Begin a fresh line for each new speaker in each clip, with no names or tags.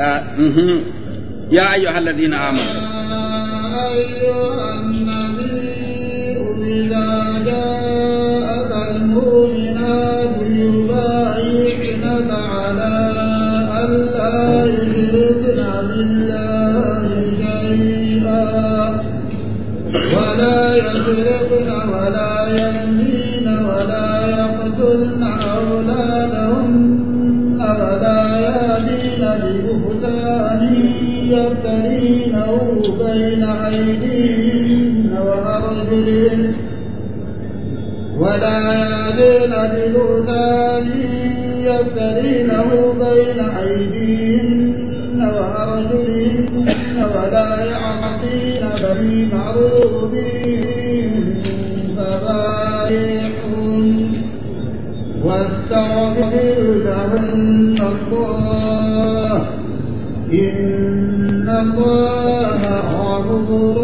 آه، يا أيها الذين آمنوا
يا أيها النبي
إذا جاءك المؤمنات
يبايعنك على أن لا يشركن بالله شيئا ولا يسرقن ولا ينزلن وسلاسل بلسان يفترينه بين أيديهن وأرجلهن ولا يعصينك بني معروف فبايعهن واستغفر لهن الله إن الله غفور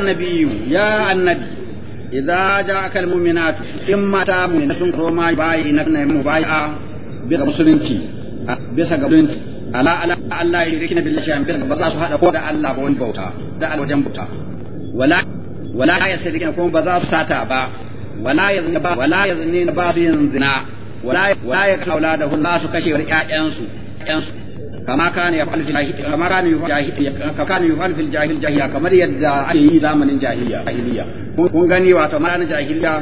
النبي يا النبي إذا جاءك المؤمنات إما تامن نسون روما باي إنك مبايعة بيغا مسلمتي بيسا غبلنتي ألا ألا ألا يشركن بالشام شيئا بيسا بزاسو هذا قود ألا بون بوتا دا ألا وجن بوتا ولا ولا يشركن كون بزاسو ساتا با ولا يزن با ولا يزنين با بين زنا ولا ولا يكسر أولادهن لا سكشي ورئاء أنسو أنسو kama kana ya fa'al jahiliya kama kana ya kana ya fa'al fil jahiliya kamar yadda ake yi zamanin jahiliya kun gani wato ma'ana jahiliya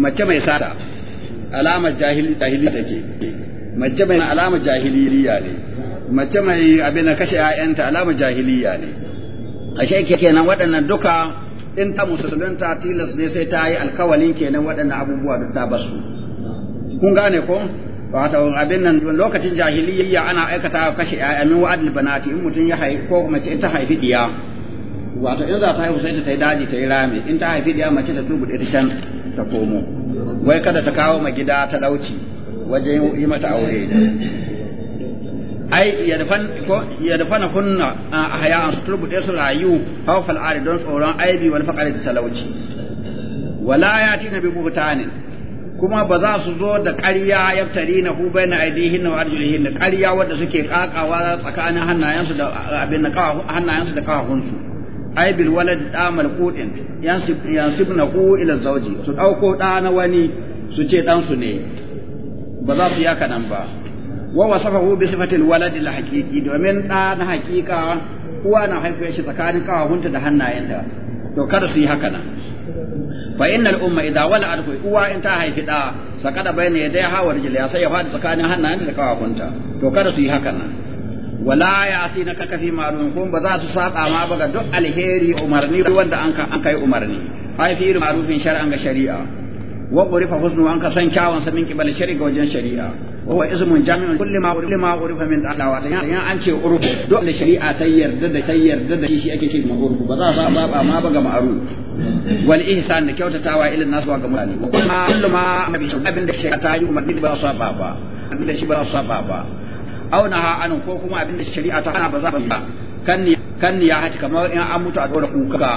mace mai sata alamar jahiliya take mace mai alama jahiliya ne mace mai abin kashe ƴaƴanta alama jahiliya ne A ashe kenan waɗannan duka in ta musulunta tilas ne sai ta yi alkawalin kenan waɗannan abubuwa duk ta basu kun gane ko wato abin nan lokacin jahiliyya ana aikata kashe ayyamin wa'adul banati in mutum ya haifi ko mace in ta haifi diya wato in za ta haihu sai ta yi daji ta yi rami in ta haifi diya mace ta turbuɗe ta can ta komo wai kada ta kawo ma gida ta ɗauci wajen yi mata aure ai ya dafa na kunna a haya an su turbuɗe su rayu Hau fal'ari don tsoron aibi wani faƙari da talauci wala ya tina bi buhutanin kuma ba za su zo da ƙarya ya tari na hu bai na aidihin na arjulihin da ƙarya wadda suke kakawa tsakanin hannayensu da abin na hannayensu da kawahunsu ai bil walad da malqutin yansibna hu ila zauji su ɗauko ɗa na wani su ce ɗansu ne ba za su yaka nan ba wa wa wasafahu bi sifatil walad al haqiqi domin ɗa na haqiqa uwa na haife shi tsakanin kawahunta da hannayenta to kada su yi haka nan fa innal umma idza wala'at uwa in ta haifi da sakada ya hawar jili ya sai ya fadi tsakanin hannayenta da kafafunta to kada su yi haka nan wala ya asi na kaka fi ma'lum kun ba za su saba ma ba ga duk alheri umarni wanda an an kai umarni ai fi ma'rufin shar'an ga shari'a wa qurifa husnu an ka san kyawun sa min kibal shari'a ga wajen shari'a wa wa ismun jami'un kulli ma kulli ma qurifa min Allah wa ta'ala an ce urufu duk da shari'a tayyar da tayyar da shi ake ce ma ba za su saba ma ba ga ma'ruf wal ihsan da kyautatawa ilin nasu ga mutane wa kuma kullu ma shi abin da shi ta yi umarni ba su ba ba abin shi ba su ba ba auna ha anan ko kuma abin da shari'a ta hana ba za ba kan ni kan ya haji kamar in an mutu a dora kuka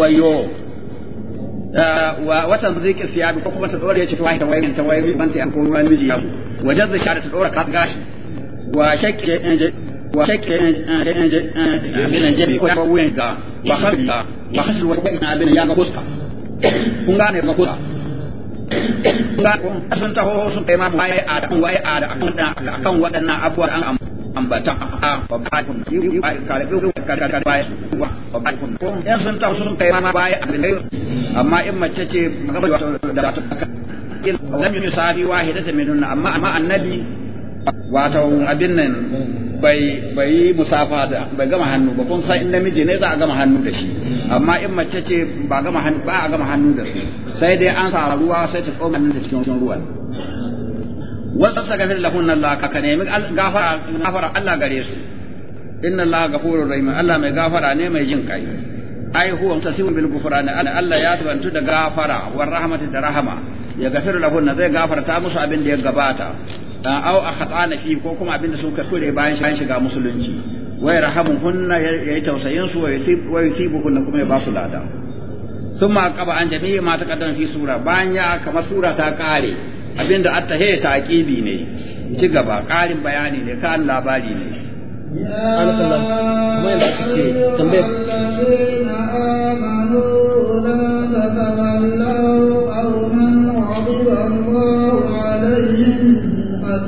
wayo watan zai siya ko kuma ta dora ce ta wai ta wai ta wai ban ta ko wani miji ya wajen da shari'a ta dora ka gashi wa shakki wa shakki abin da jabi ko wuyan ga wa kharqa wa khasr wa ya gabuska kun gane ba kusa sun taho sun kai ma waye a da waye a da akan akan waɗannan an ambata a babakun yi karbe karkar ba wa babakun yan sun taho sun kai ma waye a da amma in mace ce gaba da ta lam yusafi wahidatan minhunna amma amma annabi wato abin nan bai bai musafa da bai gama hannu ba kun san in namiji ne za a gama hannu da shi amma in mace ce ba gama hannu ba a gama hannu da su sai dai an sa ruwa sai ta tsoma nan da cikin ruwan wasu sagafir lahun Allah ka ka nemi gafara gafara Allah gare su inna Allah gafurur rahim Allah mai gafara ne mai jin kai ai huwa mutasimun bil ghufrani Allah ya tabantu da gafara war rahmatu da rahama ya gafir lahun zai gafarta musu abin da ya gabata aw akhatana fi ko kuma abinda sun kure bayan shiga musulunci wa ya yayi tausayin su wa yusibuhunna kuma ya ba su lada ma kaba an jami'i ma taqaddama fi sura bayan ya kama sura ta kare abinda attahe ta aqibi ne ci gaba karin bayani ne kan labari ne
Allah kuma yadda ce tambayar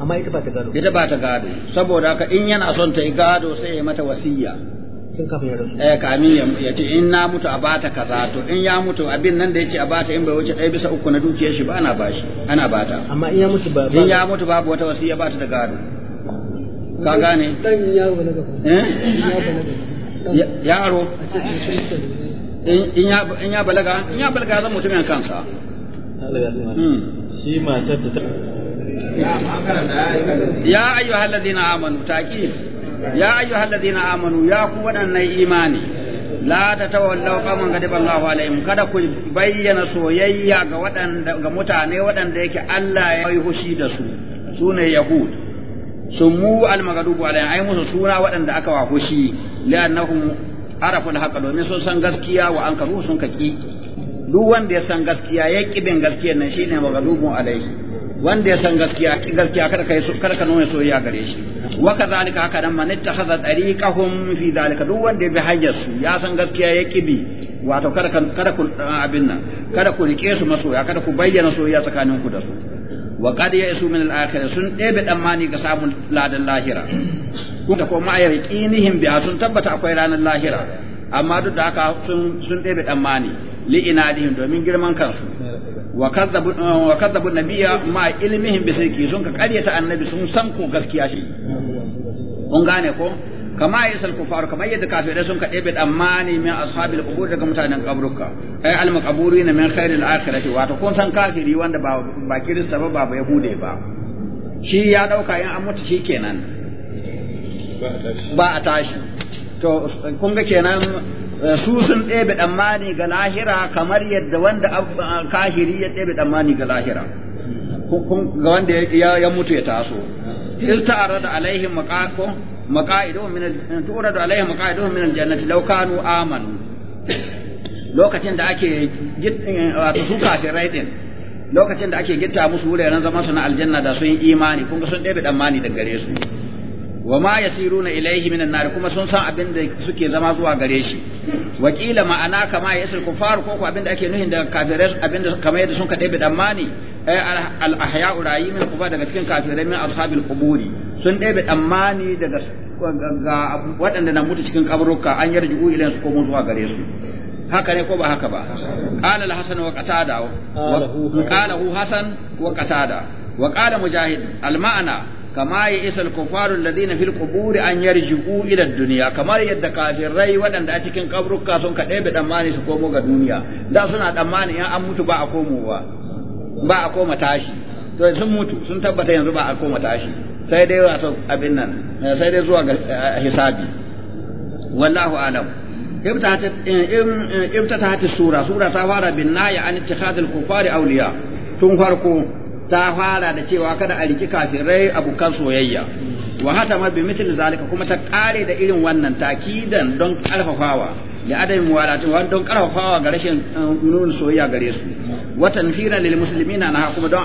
amma ita ba ta gado ita ba ta gado saboda haka in yana son ta yi gado sai ya mata wasiya
kin kafin ya rasu
eh kamin ya ce in na mutu a bata kaza to in ya mutu abin nan da yace a bata in bai wuce ɗaya bisa uku na dukiyar shi ba ana bashi ana bata amma in ya mutu ba in ya mutu babu wata wasiya ta da gado ka gane dan eh? ya balaga eh yaro in ya in ya balaga in ya balaga zan mutumin kansa
hmm.
shi matar da ta ya ayyuhal ladina amanu taqi ya ayyuhal ladina amanu ya ku wadannan imani la tatawallaw qaman ghadiba Allahu alaihim kada ku bayyana soyayya ga wadanda ga mutane wadanda yake Allah ya yi hushi da su sune yahud sumu al-maghdubu alaihim ai musu suna wadanda aka wa hushi li'annahum arafu al-haqq domin sun san gaskiya wa an ka duk wanda ya san gaskiya ya kibin gaskiyar nan shine maghdubu wanda ya san gaskiya gaskiya kada kai so kada ka nuna soyayya gare shi wa kadhalika haka nan man ittakhadha tariqahum fi zalika duk wanda ya bi su ya san gaskiya ya kibi wato kada kada ku ah, abin nan kada ku rike su masoya kada ku bayyana soyayya tsakanin ku da su wa qad ya'su min al-akhirah sun ɗebe dan mani ga samun ladan lahira kuma ko ma yaqinihim bi sun tabbata akwai ranar lahira amma duk da aka sun sun ɗebe dan mani li'inadihim domin girman kansu wa kadzabu uh, nabiyya ma ilmihim bi ki sun ka karyata annabi sun san ko gaskiya shi kun gane ko kama yasal kufar kama yadda kafirai sun ka ɗebe tsammani min ashabil qubur daga mutanen kaburka ai al maqburin min khairil akhirati wato kun san kafiri wanda ba ba kirista ba ba yahude ba shi ya dauka in an mutu shikenan ba a tashi to kun ga kenan su sun ɗebe ɗammani ga lahira kamar yadda wanda kahiri ya ɗebe ɗammani ga lahira ga wanda ya mutu ya taso ista'ara da alaihim maqaqo maqa'idu min da alaihim maqa'idu min aljannati law kanu amanu lokacin da ake wato su kafirai din lokacin da ake gitta musu wuraren zama su na aljanna da sun imani kun ga sun ɗebe ɗammani daga gare su wa ma yasiruna ilaihi minan nar kuma sun san abin da suke zama zuwa gare shi wakila ma'ana kama ya yasil kufar ko ko abin da ake nuhin daga kafirai abin da kamar yadda sun ka ɗebe dan al ahya'u rayi min kufa daga cikin kafirai min ashabil quburi sun ɗebe dan daga ga waɗanda na mutu cikin kaburuka an yarju ilan su komo zuwa gare su haka ne ko ba haka ba qala al hasan wa qatada qala hu hasan wa qatada wa qala mujahid al ma'ana kama ya isal kufaru alladhina fil quburi an yarji'u ila dunya kamar yadda kafirai waɗanda a cikin kaburka sun ka ɗebe tsammani su komo ga duniya da suna tsammani in an mutu ba a komowa ba a koma tashi to sun mutu sun tabbata yanzu ba a koma tashi sai dai wato abin nan sai dai zuwa eh, hisabi wallahu alam sura sura ta fara an kufari awliya tun farko ta fara da cewa kada a riki kafirai abokan soyayya wa ma bi mithli zalika kuma ta kare da irin wannan takidan don karfafawa li adami wa don karfafawa ga rashin uh, nuna soyayya gare su wa tanfira lil muslimina na kuma don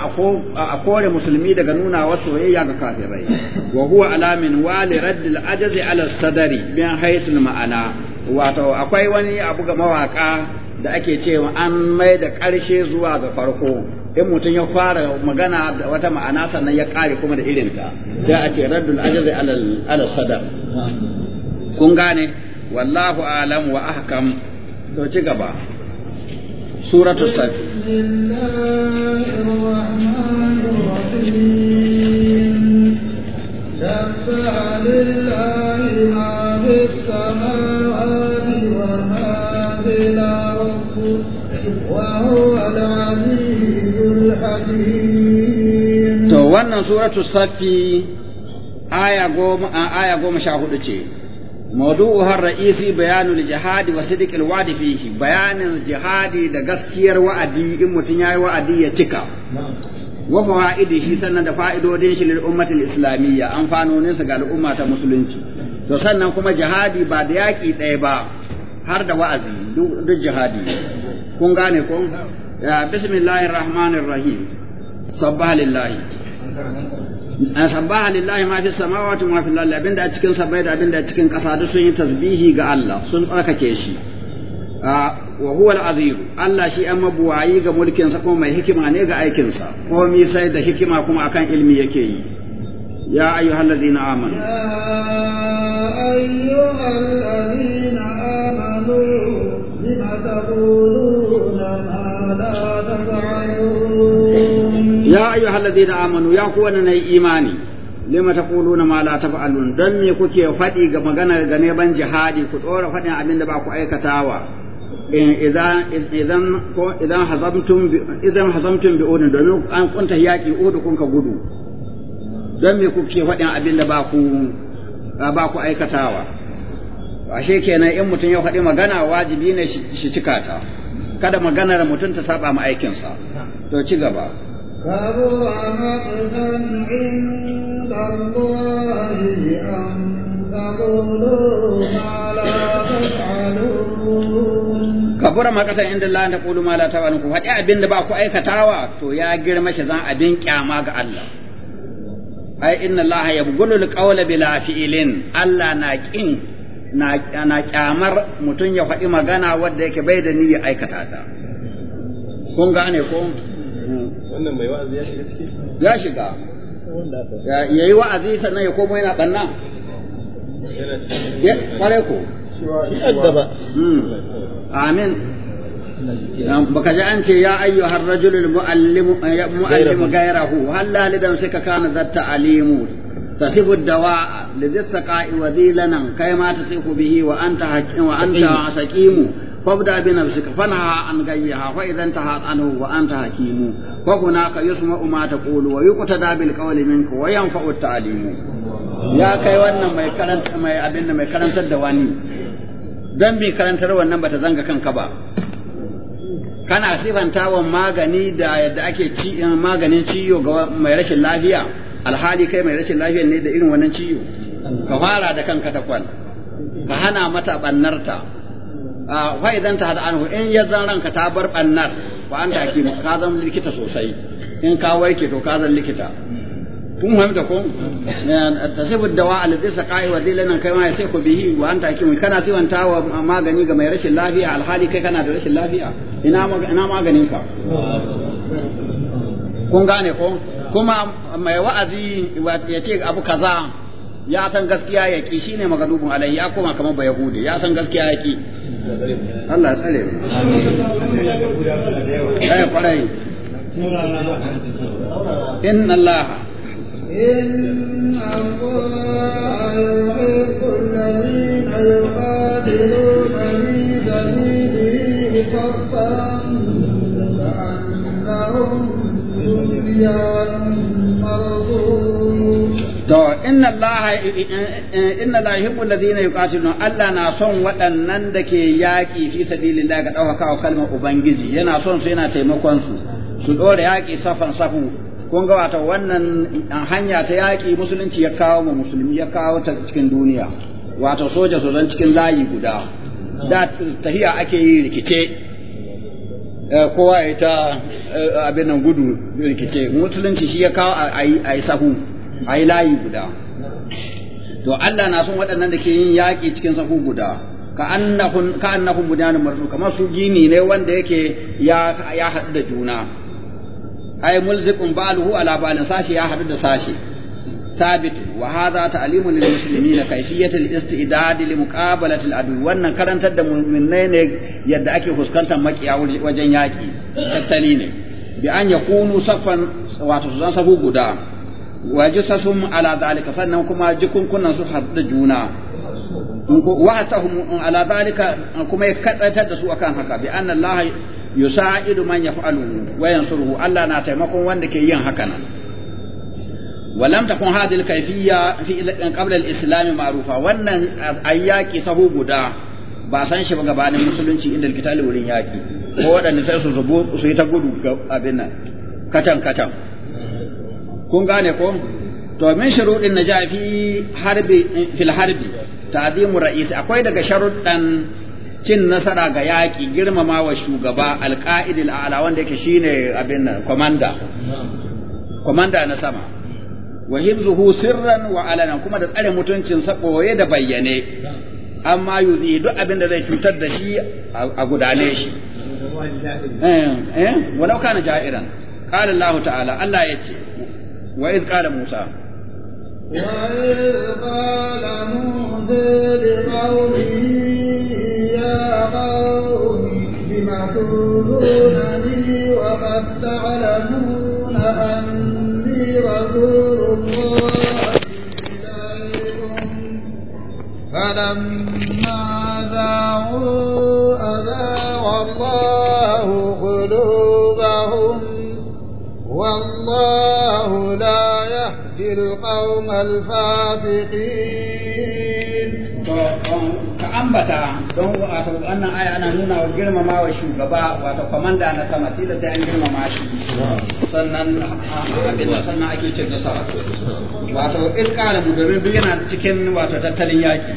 a kore musulmi daga nuna wa soyayya ga kafirai wa huwa alamin li raddil ajazi ala sadari bi haythul ma'ana wato akwai wani abu ga mawaka da ake cewa an mai da ƙarshe zuwa ga farko in mutum ya fara magana wata ma'ana sannan ya kare kuma da irinta sai a ce raddul ajzi ala sadaq kun gane wallahu alam wa ahkam to ci gaba suratul sad
سبح لله ما في وهو العلي to
wannan suratu safi aya goma aya goma sha hudu ce موضوعها الرئيسي بيان الجهاد وصدق الوعد فيه bayanin jihadi da gaskiyar wa'adi in mutum ya yi wa'adi ya cika wa shi sannan da fa'idodin shi lil islamiyya amfanonin sa ga al'umma ta musulunci to sannan kuma jihadi ba da yaki ɗaya ba har da wa'azi duk jihadi kun gane ko بسم الله الرحمن الرحيم صباح لله sabbaha lillahi ma fi samawati ma fi lalli abinda a cikin sabai da abinda a cikin kasa duk sun yi tasbihi ga Allah sun tsarkake shi wa huwa al-azim Allah shi an mabuwayi ga mulkin sa kuma mai hikima ne ga aikin sa komai sai da hikima kuma akan ilmi yake yi ya ayyuhal ladina amanu ya
ayyuhal ladina amanu أتقولون ما لا تفعلون
يا
أيها الذين آمنوا يا imani. إيماني lima ta kulu na ma la ta fa'alun don me kuke faɗi ga maganar ga neman jihadi ku ɗora faɗin abin da ba ku aikatawa idan hazamtun bi udun domin an kunta yaƙi udu kun gudu don me kuke faɗin abin da ba ku aikatawa ashe kenan in mutum ya faɗi magana wajibi ne shi cika ta kada maganar mutum ta saba ma aikinsa to ci gaba kabura makasar inda Allah ta kulu mala ta wani ku faɗi abin da ba ku aikatawa to ya girma shi zan abin kyama ga Allah ai inna Allah ya bugulul qawla bila fi'lin Allah na kin na kyamar mutum ya faɗi magana wadda yake bai da niyyar aikata ta kun gane ko wannan mai wa'azi ya shiga ciki ya shiga ya yi wa'azi sannan ya komo yana ɓanna
ya kware ko hmm.
amin baka ji an ce ya har rajulul muallimu eh, gairahu halla lidan suka kana zatta alimu تصف الدواء لذي السقاء وذي لنا كيما تصف به وأنت وأنت سقيم فابدأ بنفسك فنهى عن غيها فإذا انتهت عنه وأنت حكيم فهناك يسمع ما تقول ويقتدى بالقول منك وينفع التعليم
يا كي وانا
ما يكرنت ما أبن ما يكرنت الدواني ذنبي كرنت وانا بتزنق كان كبا kana sifantawan magani da yadda ake ci maganin ciyo ga mai rashin lafiya alhali kai mai rashin lafiyar ne da irin wannan ciwo ka fara da kanka ta kwan ka hana mata bannarta fa idan ta hada anhu in ya zan ranka ta bar bannar fa anta hakimu ka zan likita sosai in ka warke to ka zan likita kun fahimta ko tasibu dawa alladhi saqai wa dilana kai ma sai ku bihi wa anta hakimu kana siwanta wa magani ga mai rashin lafiya alhali kai kana da rashin lafiya ina ina maganin ka kun gane ko kuma mai wa'azi ya ce abu kaza ya san gaskiya ya ki ne magadubin alai ya koma kamar ba yahudi ya san gaskiya ya ki Allah ya tsare
Ya amin kwarai
inna Allah
inna Allah
inna Allah inna la yuhibbu alladhina yuqatiluna Allah na son waɗannan da ke yaƙi fi sabilillah ga ɗaukaka kalmar ubangiji yana son su yana taimakon su su dore yaƙi safan safu kun ga wata wannan hanya ta yaƙi musulunci ya kawo mu musulmi ya kawo ta cikin duniya wato soja su zan cikin layi guda da tahiya ake yi rikice eh, kowa ya ta eh, abin nan gudu rikice musulunci shi ya kawo a yi sahu a yi layi guda to Allah na son waɗannan da ke yin yaƙi cikin sahu guda ka annahun ka annahum marsu kamar su gini ne wanda yake ya ya haɗu da juna ay mulzikun ba'luhu ala ba'lin sashi ya haɗu da sashi ثابت وهذا تعليم للمسلمين كيفية الاستعداد لمقابلة العدو وأن كرنت المؤمنين يدعك فسكنتا مكيا وجن ياكي تتلين بأن يكونوا صفا واتسوزان صفو قدام wa jusasum sannan kuma jikunkunan su haɗu juna da su akan haka bi anna allaha yusa'idu man wa yansuruhu allah na taimakon wanda ke yin haka nan ولم تكن هذه الكيفية في قبل الإسلام معروفة وأن أياكي سهو بدا باسان شبه غبان المسلمين عند القتال ورين هو أن سيسو زبور أبنا كتم كتم kun gane ko to min shuruɗin na ja fi harbi fil harbi ta'zimu ra'isi akwai daga sharuɗan cin nasara ga yaƙi girmama wa shugaba alƙa'idil a'la wanda yake shine abin nan komanda komanda na sama wa hibzuhu sirran wa alanan kuma da tsare mutuncin sa ɓoye da bayyane amma yuzi duk abin da zai cutar da shi a gudane shi eh eh walau kana ja'iran qala Allah ta'ala Allah yace وإذ قال موسى وإذ قال موسى
لقومه يا قوم لم تؤذونني وقد تعلمون أني رسول الله إليكم فلما الفاسقين
ka ambata don wato wannan aya ana nuna wa girmama wa shugaba wato komanda na sama tilo sai an girmama shi sannan abin da sannan ake wato in kala yana cikin wato tattalin yaki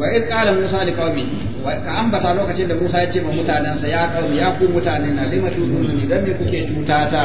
wa in kala musa ka ambata lokacin da musa ya ce ma mutanansa ya qaumi ya ku mutane na limatu dan me kuke cutata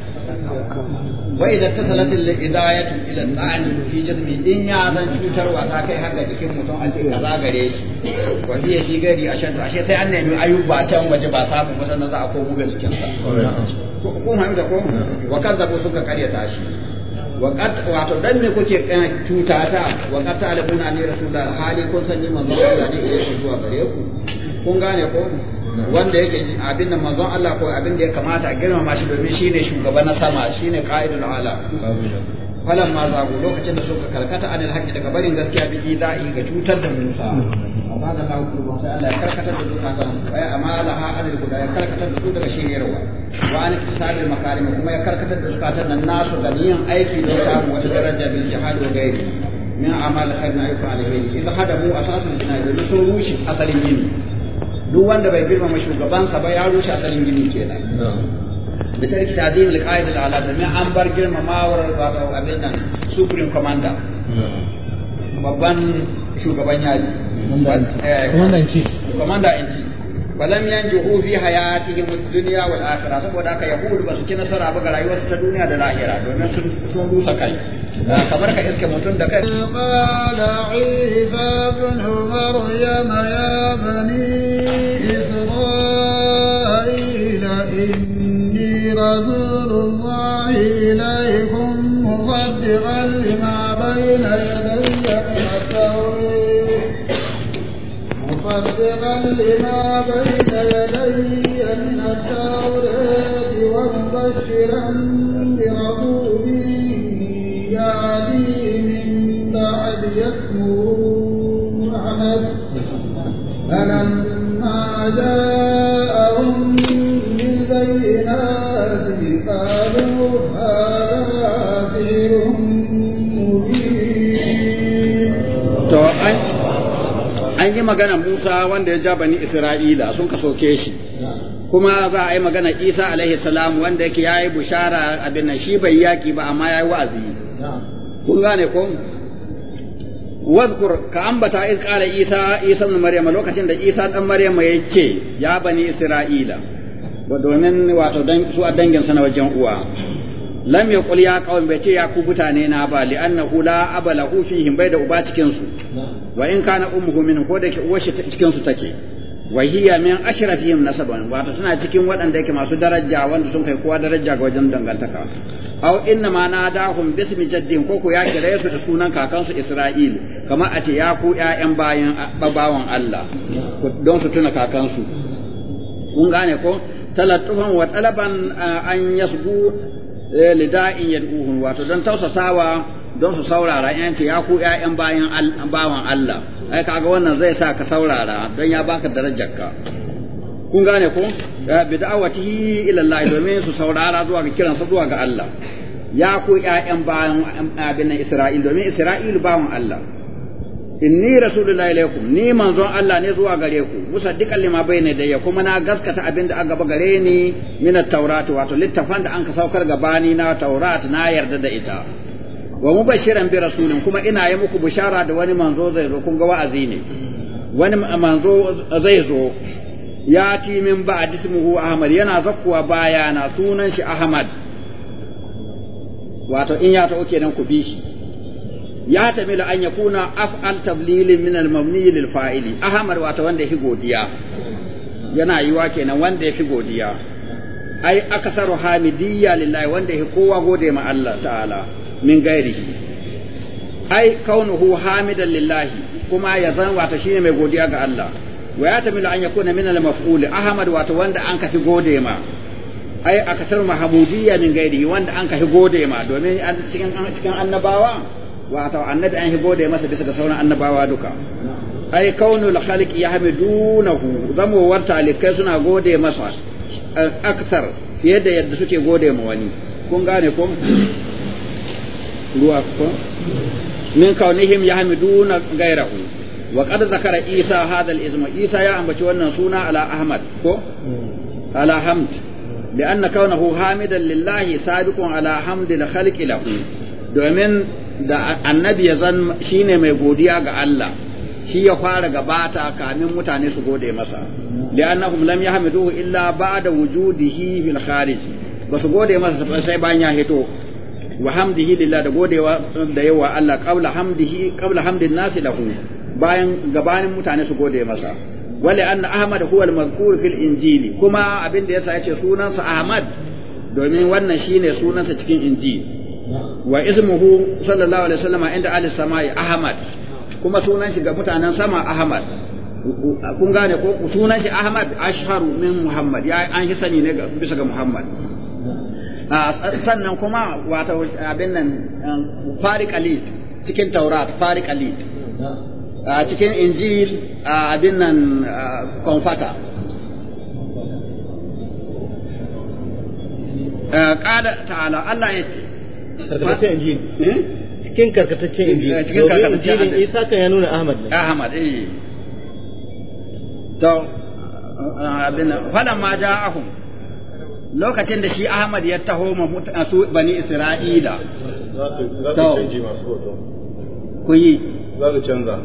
wa idza tasalat al idayatu ila tsanin fi jazmi in ya zan cutarwa ta kai har ga jikin mutum an ce kaza gare shi wa hiya fi gari shan ashe sai an nemi ayyuba can waje ba samu ba sannan za a komo ga jikin sa ko mun da ko wa kazzabu suka karyata shi وقد wato dan me kuke eh, cuta ta waqad ta'lamuna ne rasulullah hali kun sanni manzo Allah ne ke eh, zuwa gare ku kun gane ko wanda yake abin nan manzon Allah ko abin da ya kamata a girmama shi domin shine shugaban na sama shine qa'idul ala falan ma zago lokacin da suka karkata anil haqqi daga barin gaskiya bi ida'i ga cutar da Musa amma da Allah ku sai Allah ya karkatar da zukatan ay amala ha anil guda ya karkatar da su daga shiryarwa wa an tisabil makarim kuma ya karkatar da duka zukatan nan nasu ga yin aiki don samu wata daraja bil jihad wa gairi min amal khair na ayyuka alheri idan hadamu asasan jinai da sun rushe asalin yini duk wanda bai girmama shugabansa ba ya rushe asalin gini nan. da tarki ta'zim al-qa'id al-ala domin an bar girmamawar abin nan supreme commander
hmm.
babban shugaban yaji commander in chief commander in chief walam yanjuhu fi hayatihim ad-dunya wal akhirah saboda haka yahudu ba su ci nasara ba ga rayuwarsu ta duniya da lahira domin sun sun rusa kai kamar ka iske mutum da kai
qala isa ibn maryam ya bani isra'ila inni rasulullah ilaykum musaddiqan lima bayna yadayya مصدقا لما بين يدي من التوراة ومبشرا برسول يعني من بعد يسمو محمد فلما جاء
an yi magana Musa wanda ya ja bani Isra'ila sun ka soke shi kuma za a yi magana Isa alaihi salam wanda yake yayi bushara abin nan shi bai yaki ba amma yayi wa'azi kun gane ko wazkur ka ambata iz qala Isa Isa ibn Maryam lokacin da Isa dan Maryam yake ya bani Isra'ila domin wato dan su dangin sana na wajen uwa lam yaqul ya qaum bai ce ya ku mutane na ba li annahu la abalahu fihim bai da uba cikin su wa in kana ummuhu min ko da uwar uwarshi cikin su take wa hiya min ashrafihim nasaban wato tana cikin waɗanda yake masu daraja wanda sun kai kowa daraja ga wajen dangantaka aw inna ma nadahum bismi jaddin ko ko ya kire su da sunan kakansu Isra'il kamar a ce ya ku ƴaƴan bayan babawan Allah don su tuna kakansu kun gane ko talattufan wa talaban eh, an yasbu eh, lida'in yad'uhum wato don tausasawa don su saurara yan ce ya ku ƴaƴan bayan bawan Allah ai kaga wannan zai sa ka saurara don ya baka darajar ka kun gane ko bi da'awatihi ila Allah domin su saurara zuwa ga kiransa zuwa ga Allah ya ku ƴaƴan bayan abin Isra'il domin Isra'il bawan Allah inni rasulullahi ilaikum ni manzon Allah ne zuwa gare ku musaddiqan lima bayna ya kuma na gaskata abin da aka gaba gare ni min at-taurat wato littafan da an ka saukar gabani na taurat na yarda da ita wa mubashiran bi rasulin kuma ina yi muku bushara da wani manzo zai zo kun ga wa'azi ne wani manzo zai zo ya ti min ba'd ismuhu ahmad yana zakkuwa baya na sunan shi ahmad wato in ya ta'o nan ku bi shi ya tamilu an yakuna af'al tablilin min al-mabni lil fa'ili ahmad wato wanda yake godiya yana wa kenan wanda yake godiya ai akasaru hamidiyya lillahi wanda yake kowa gode ma Allah ta'ala min gairihi ai kaunuhu hamidan lillahi kuma ya zan wata shine mai godiya ga Allah wa ya tamilu an yakuna min al-maf'ul ahmad ta wanda an kafi gode ma ai akasar mahmudiyya min gairihi wanda an kafi gode ma domin cikin cikin annabawa wato annabi an gode masa bisa ga sauran annabawa duka ai kaunu al khaliq yahmidunahu zamu warta likai suna gode masa eh, aktar fiye da yadda suke gode ma wani kun gane ko ruwa ko min kaunihim yahmiduna gairahu wa qad zakara isa hadha al-ism isa ya ambaci wannan suna ala ahmad ko ala hamd لأن hamidan lillahi sabiqun ala hamdi حمد khalqi lahu domin da annabi ya zan shine mai godiya ga Allah shi ya fara gabata kamin mutane su gode masa li'annahum lam yahmiduhu illa ba'da wujudihi fil kharij su gode masa sai bayan ya hito wa hamdihi lillah da godewa da yawa Allah qabla hamdihi qabla hamdin nasi lahu bayan gabanin mutane su gode masa wali anna ahmad huwa al-mazkur fil injili kuma abin da yasa yace sunansa ahmad domin wannan shine sunansa cikin injili wa ismuhu sallallahu alaihi wasallam inda ahli samai ahmad kuma sunan shi ga mutanen sama ahmad kun gane ko sunan shi ahmad ashharu min muhammad ya an shi sani ne bisa ga muhammad Ah, sannan kuma wata abin nan um, farik alid cikin taurat farik alit ah, cikin injil ah, abin nan konfata ƙada eh, ta'ala Allah ya ce karkataccen hmm? eh, injil cikin karkataccen injil cikin karkataccen injil isa kan ya nuna ahmad ne ahmad eh to abin nan falamma ja'ahum lokacin da shi Ahmad ya taho ma su bani Isra'ila. Ku yi. Za ku canza.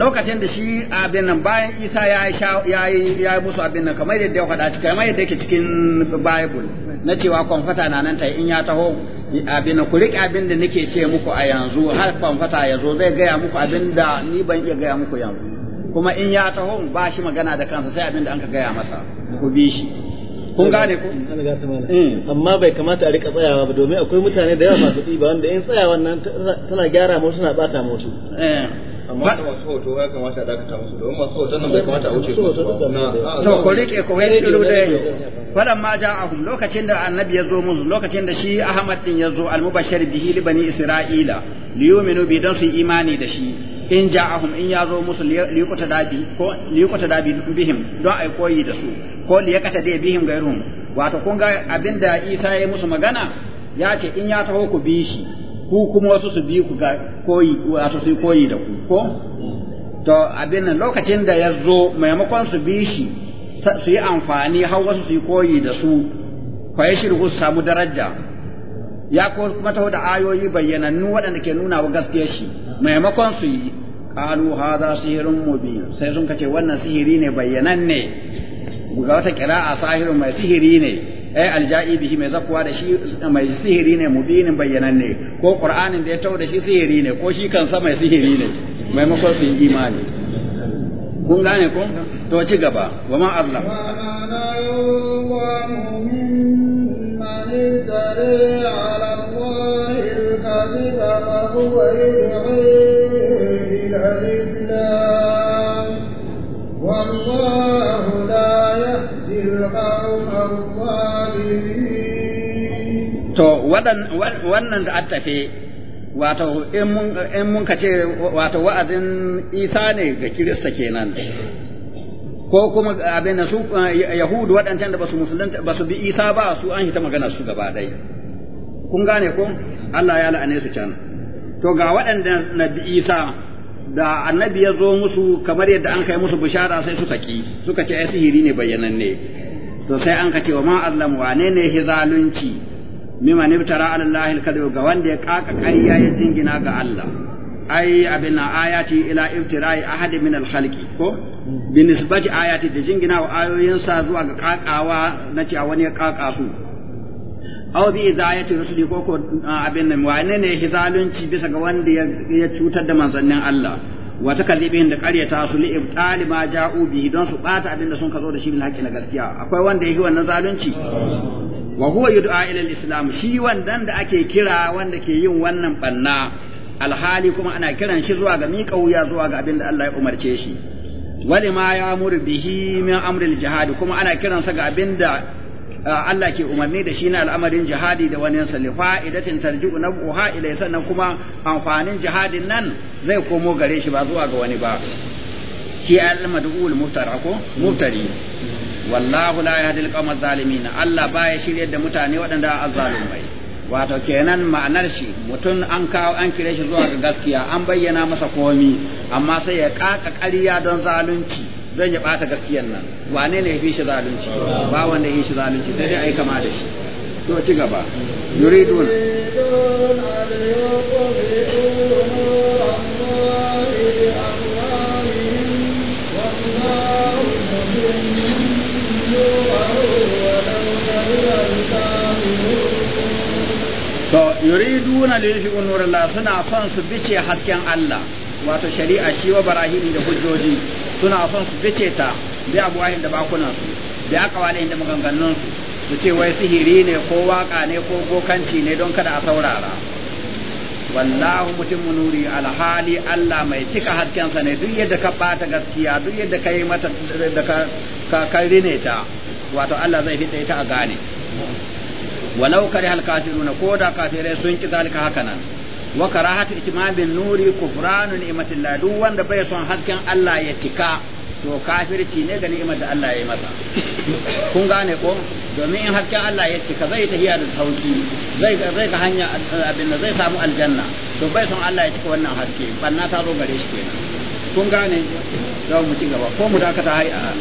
Lokacin da shi abin nan bayan Isa ya yi musu abin nan kamar yadda ya faɗa cikin kamar yadda yake cikin Bible na cewa kwamfata na nan ta in ya taho abin nan ku riƙe abin da nake ce muku a yanzu har kwamfata ya zo zai gaya muku abin da ni ban iya gaya muku yanzu kuma in ya taho ba shi magana da kansa sai abin da an ka gaya masa ku bi shi. kun gane ko
mm, mm. amma bai kamata a rika tsayawa ba domin akwai mutane da yawa masu ɗiba wanda in tsayawa nan tana gyara mu suna bata mu eh. amma masu hoto ya kamata a dakata musu domin masu hoton nan bai kamata a wuce su to ko rike ko wai shiru da
falan ma ja'ahum lokacin da annabi ya zo musu lokacin da shi Ahmad din ya zo al-mubashshir bihi li bani Isra'ila liyuminu bi dan su imani da shi in ja'ahum in yazo musu liyukata dabi ko liyukata dabi bihim don ai koyi da su ko liyakata da bihim gairuhum wato kun ga abinda Isa ya musu magana ya ce in ya taho ku bi shi ku kuma wasu su bi ku ga koyi wato su koyi da ku ko to abin lokacin da ya zo maimakon su bi shi su yi amfani har wasu su koyi da su fa ya shirhu su samu daraja ya kuma taho da ayoyi bayyanannu waɗanda ke nuna wa gaskiyar shi maimakon su yi qalu hadha sihrun mubin sai sun kace wannan sihiri ne bayyananne ga wata qira'a sahirun mai sihiri ne ai alja'i bihi mai zakwa da shi mai sihiri ne mubinin bayyananne ko qur'anin da ya tau da shi sihiri ne ko shi kansa mai sihiri ne maimakon su yi imani kun gane ko to ci gaba wa ma Allah.
على الله الكذب فهو يدعي To والله لا يهدي القوم الظالمين
تو ودن ونن wato in mun ka ce wato wa'azin isa ne ga kirista kenan ko kuma abin da su yahudu waɗancan da basu musulunta basu bi isa ba su an hita magana su gaba ɗaya kun gane ko Allah ya la'ane su can to ga waɗanda na bi isa da annabi ya zo musu kamar yadda an kai musu bishara sai suka ki suka ce ai sihiri ne bayyananne to sai an ka ce wa ma azlamu wane ne hizalunci mimma ne ala alallahi alkadu ga wanda ya kaka kariya ya jingina ga Allah ai abin ayati ila ibtirai ahadi min alkhalqi ko binisbati ayati da jingina wa ayoyin sa zuwa ga kakawa na cewa wani ya kaka su aw bi idayati rusuli ko ko abin nan wane ne shi zalunci bisa ga wanda ya cutar da manzannin Allah wata kalibin da karyata su li ibtali ma ja'u bi don su bata abin da sun kazo da shi bil haqqi na gaskiya akwai wanda yake wannan zalunci wa huwa yud'a ila al-islam shi wanda da ake kira wanda ke yin wannan banna alhali kuma ana kiran shi zuwa ga miƙa wuya zuwa ga abin da Allah ya umarce shi walima ya amuru bihi min amril jihad kuma ana kiransa ga abin da Ah, Allah ke umarni da shi na al'amarin jihadi da wani sa lifa'idatin tarji'u na ilai sannan kuma amfanin jihadin nan zai komo gare shi ba zuwa ga wani ba shi al-mad'ul muftara ko muftari wallahu la yahdi qawma zalimin Allah baya shiryar da mutane waɗanda azzalumai wato kenan ma'anar shi mutum an kawo an kire shi zuwa ga gaskiya an bayyana masa komi amma sai ya kaka ƙarya don zalunci zai ya bata gaskiyan nan wane ne fi shi zalunci ba wanda ya shi zalunci sai dai ai kama da shi to ci gaba yuridun yuriduna li yushi'u nurillah suna son su bice hasken Allah wato shari'a shi wa barahimi da hujjoji suna son su fice ta bi abuwahin da bakunan su bi akawalin da maganganun su su ce wai sihiri ne ko waka ne ko gokanci ne don kada a saurara wallahu mutum nuri alhali Allah mai cika hasken sa ne duk yadda ka bata gaskiya duk yadda ka yi mata da ka ka rine ta wato Allah zai fi ta a gane walau kare hal kafiruna ko da kafirai sun ki zalika haka nan wa karahatu itmamin nuri kufranu ni'matillah duk wanda bai son hasken Allah ya cika to kafirci ne ga ni'imar da Allah ya yi masa kun gane ko domin in hasken Allah ya cika zai tafiya da sauki zai zai ga hanya abin da zai samu aljanna to bai son Allah ya cika wannan haske banna ta zo gare shi kenan kun gane za mu ci gaba ko mu dakata ta a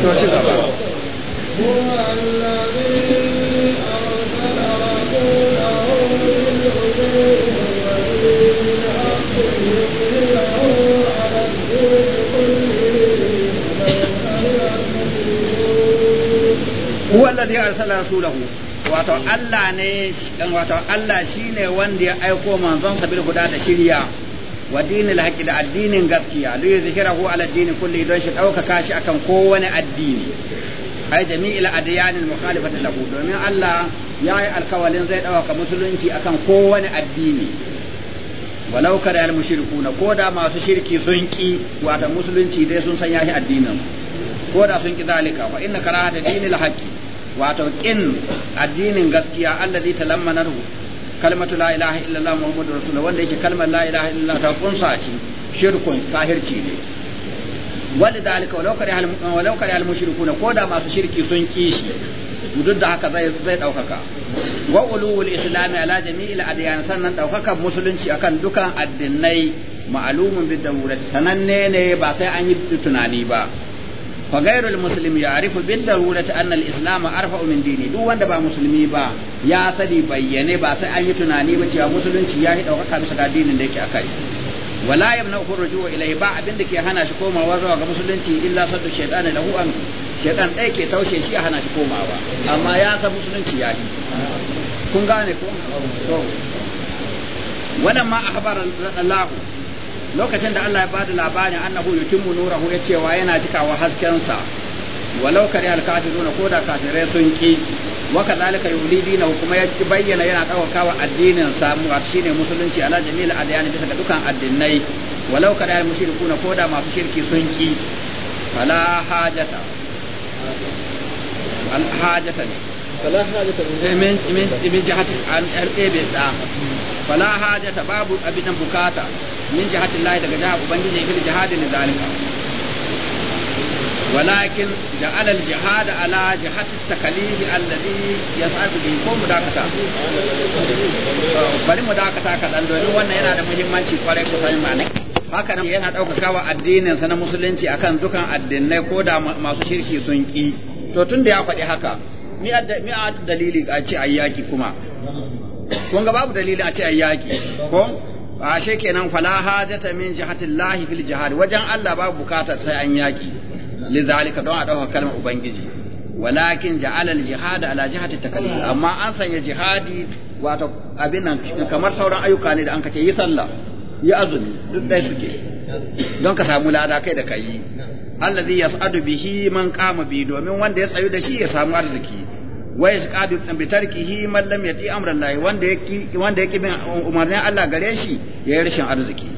to ci gaba هو
الذي أرسل رسوله هو
الذي أرسل رسوله واتو الله نيش كان واتو الله شيني وان دي اي كو من ظن سبيل خدا دا شريا ودين الحق دا الدين انغسكيا لي ذكره على الدين كل يدوش اوكا كاشي اكن كو وان الدين اي جميع الاديان المخالفة له دومين الله ya yi alkawalin zai ɗauka musulunci akan kowane addini walau kada al mushrikuna ko da masu shirki sun ki wata musulunci dai sun san yahi addinin ko da sun ki zalika fa inna karahata dinil haqqi wato kin addinin gaskiya allazi talammanahu kalmatu la ilaha illallah muhammadur rasulullah wanda yake kalmar la ilaha illallah ta kunsa shi shirkun kafirci ne walidalika walau kare al mushrikuna ko da masu shirki sun ki shi duk da haka zai ɗaukaka daukaka wa ulul islami ala jami'il adyan sannan daukakan musulunci akan dukan addinai ma'lumun bi darurat sananne ne ba sai an yi tunani ba fa ghairul muslim ya'rifu bi darurat anna al islam arfa'u min dini duk wanda ba musulmi ba ya sani bayyane ba sai an yi tunani ba cewa musulunci ya yi daukaka bisa ga addinin da yake akai wala yamna rujuwa ilayhi ba abinda ke hana shi komawa zuwa ga musulunci illa saddu shaytan lahu an shedan ɗaya ke taushe shi hana shi komawa amma ya san musulunci ya yi kun gane ko wannan ma ahbar Allah lokacin da Allah ya bada labarin annahu yutimmu nurahu ya cewa yana cikawa haskensa walau kare alkafiruna ko da kafirai sun ki wa kadhalika yulidina kuma ya bayyana yana dawakawa addinin sa mu shine musulunci ala jamil adyan bisa ga dukan addinai walau kare almushrikuna ko da masu shirki sun ki fala hajata hajata ne fala hajata eh, min min min jihati an arbe da fala hajata babu abin bukata min jihati Allah daga jihar ubangiji fil jihadi ne zalika ولكن جعل الجهاد على جهة التكاليف الذي يسعد به ko mudakata bari mudakata kaɗan domin wannan yana da muhimmanci kwarai kusan ne. haka nan yana ɗaukakawa addininsa na musulunci akan dukan addinai ko da masu shirki sun ƙi to tun da ya faɗi haka mi a dalili a ce a yaƙi kuma kun ga babu dalili a ce a yaƙi ko ashe kenan fala hajata min jihatillahi fil jihad wajen Allah babu bukatar sai an yaƙi lizalika don a ɗauka kalmar ubangiji walakin ja'ala al-jihad ala jihati takallum amma an sanya jihadi wato abin nan kamar sauran ayyuka ne da an kace yi sallah yi azumi duk ɗaya suke don ka samu lada kai da kai allazi yas'adu bihi man qama bi domin wanda ya tsayu da shi ya samu arziki wa yas'adu bi tarkihi man lam yati amra Allah wanda yake wanda yake bin umarnin Allah gare shi ya yi rashin arziki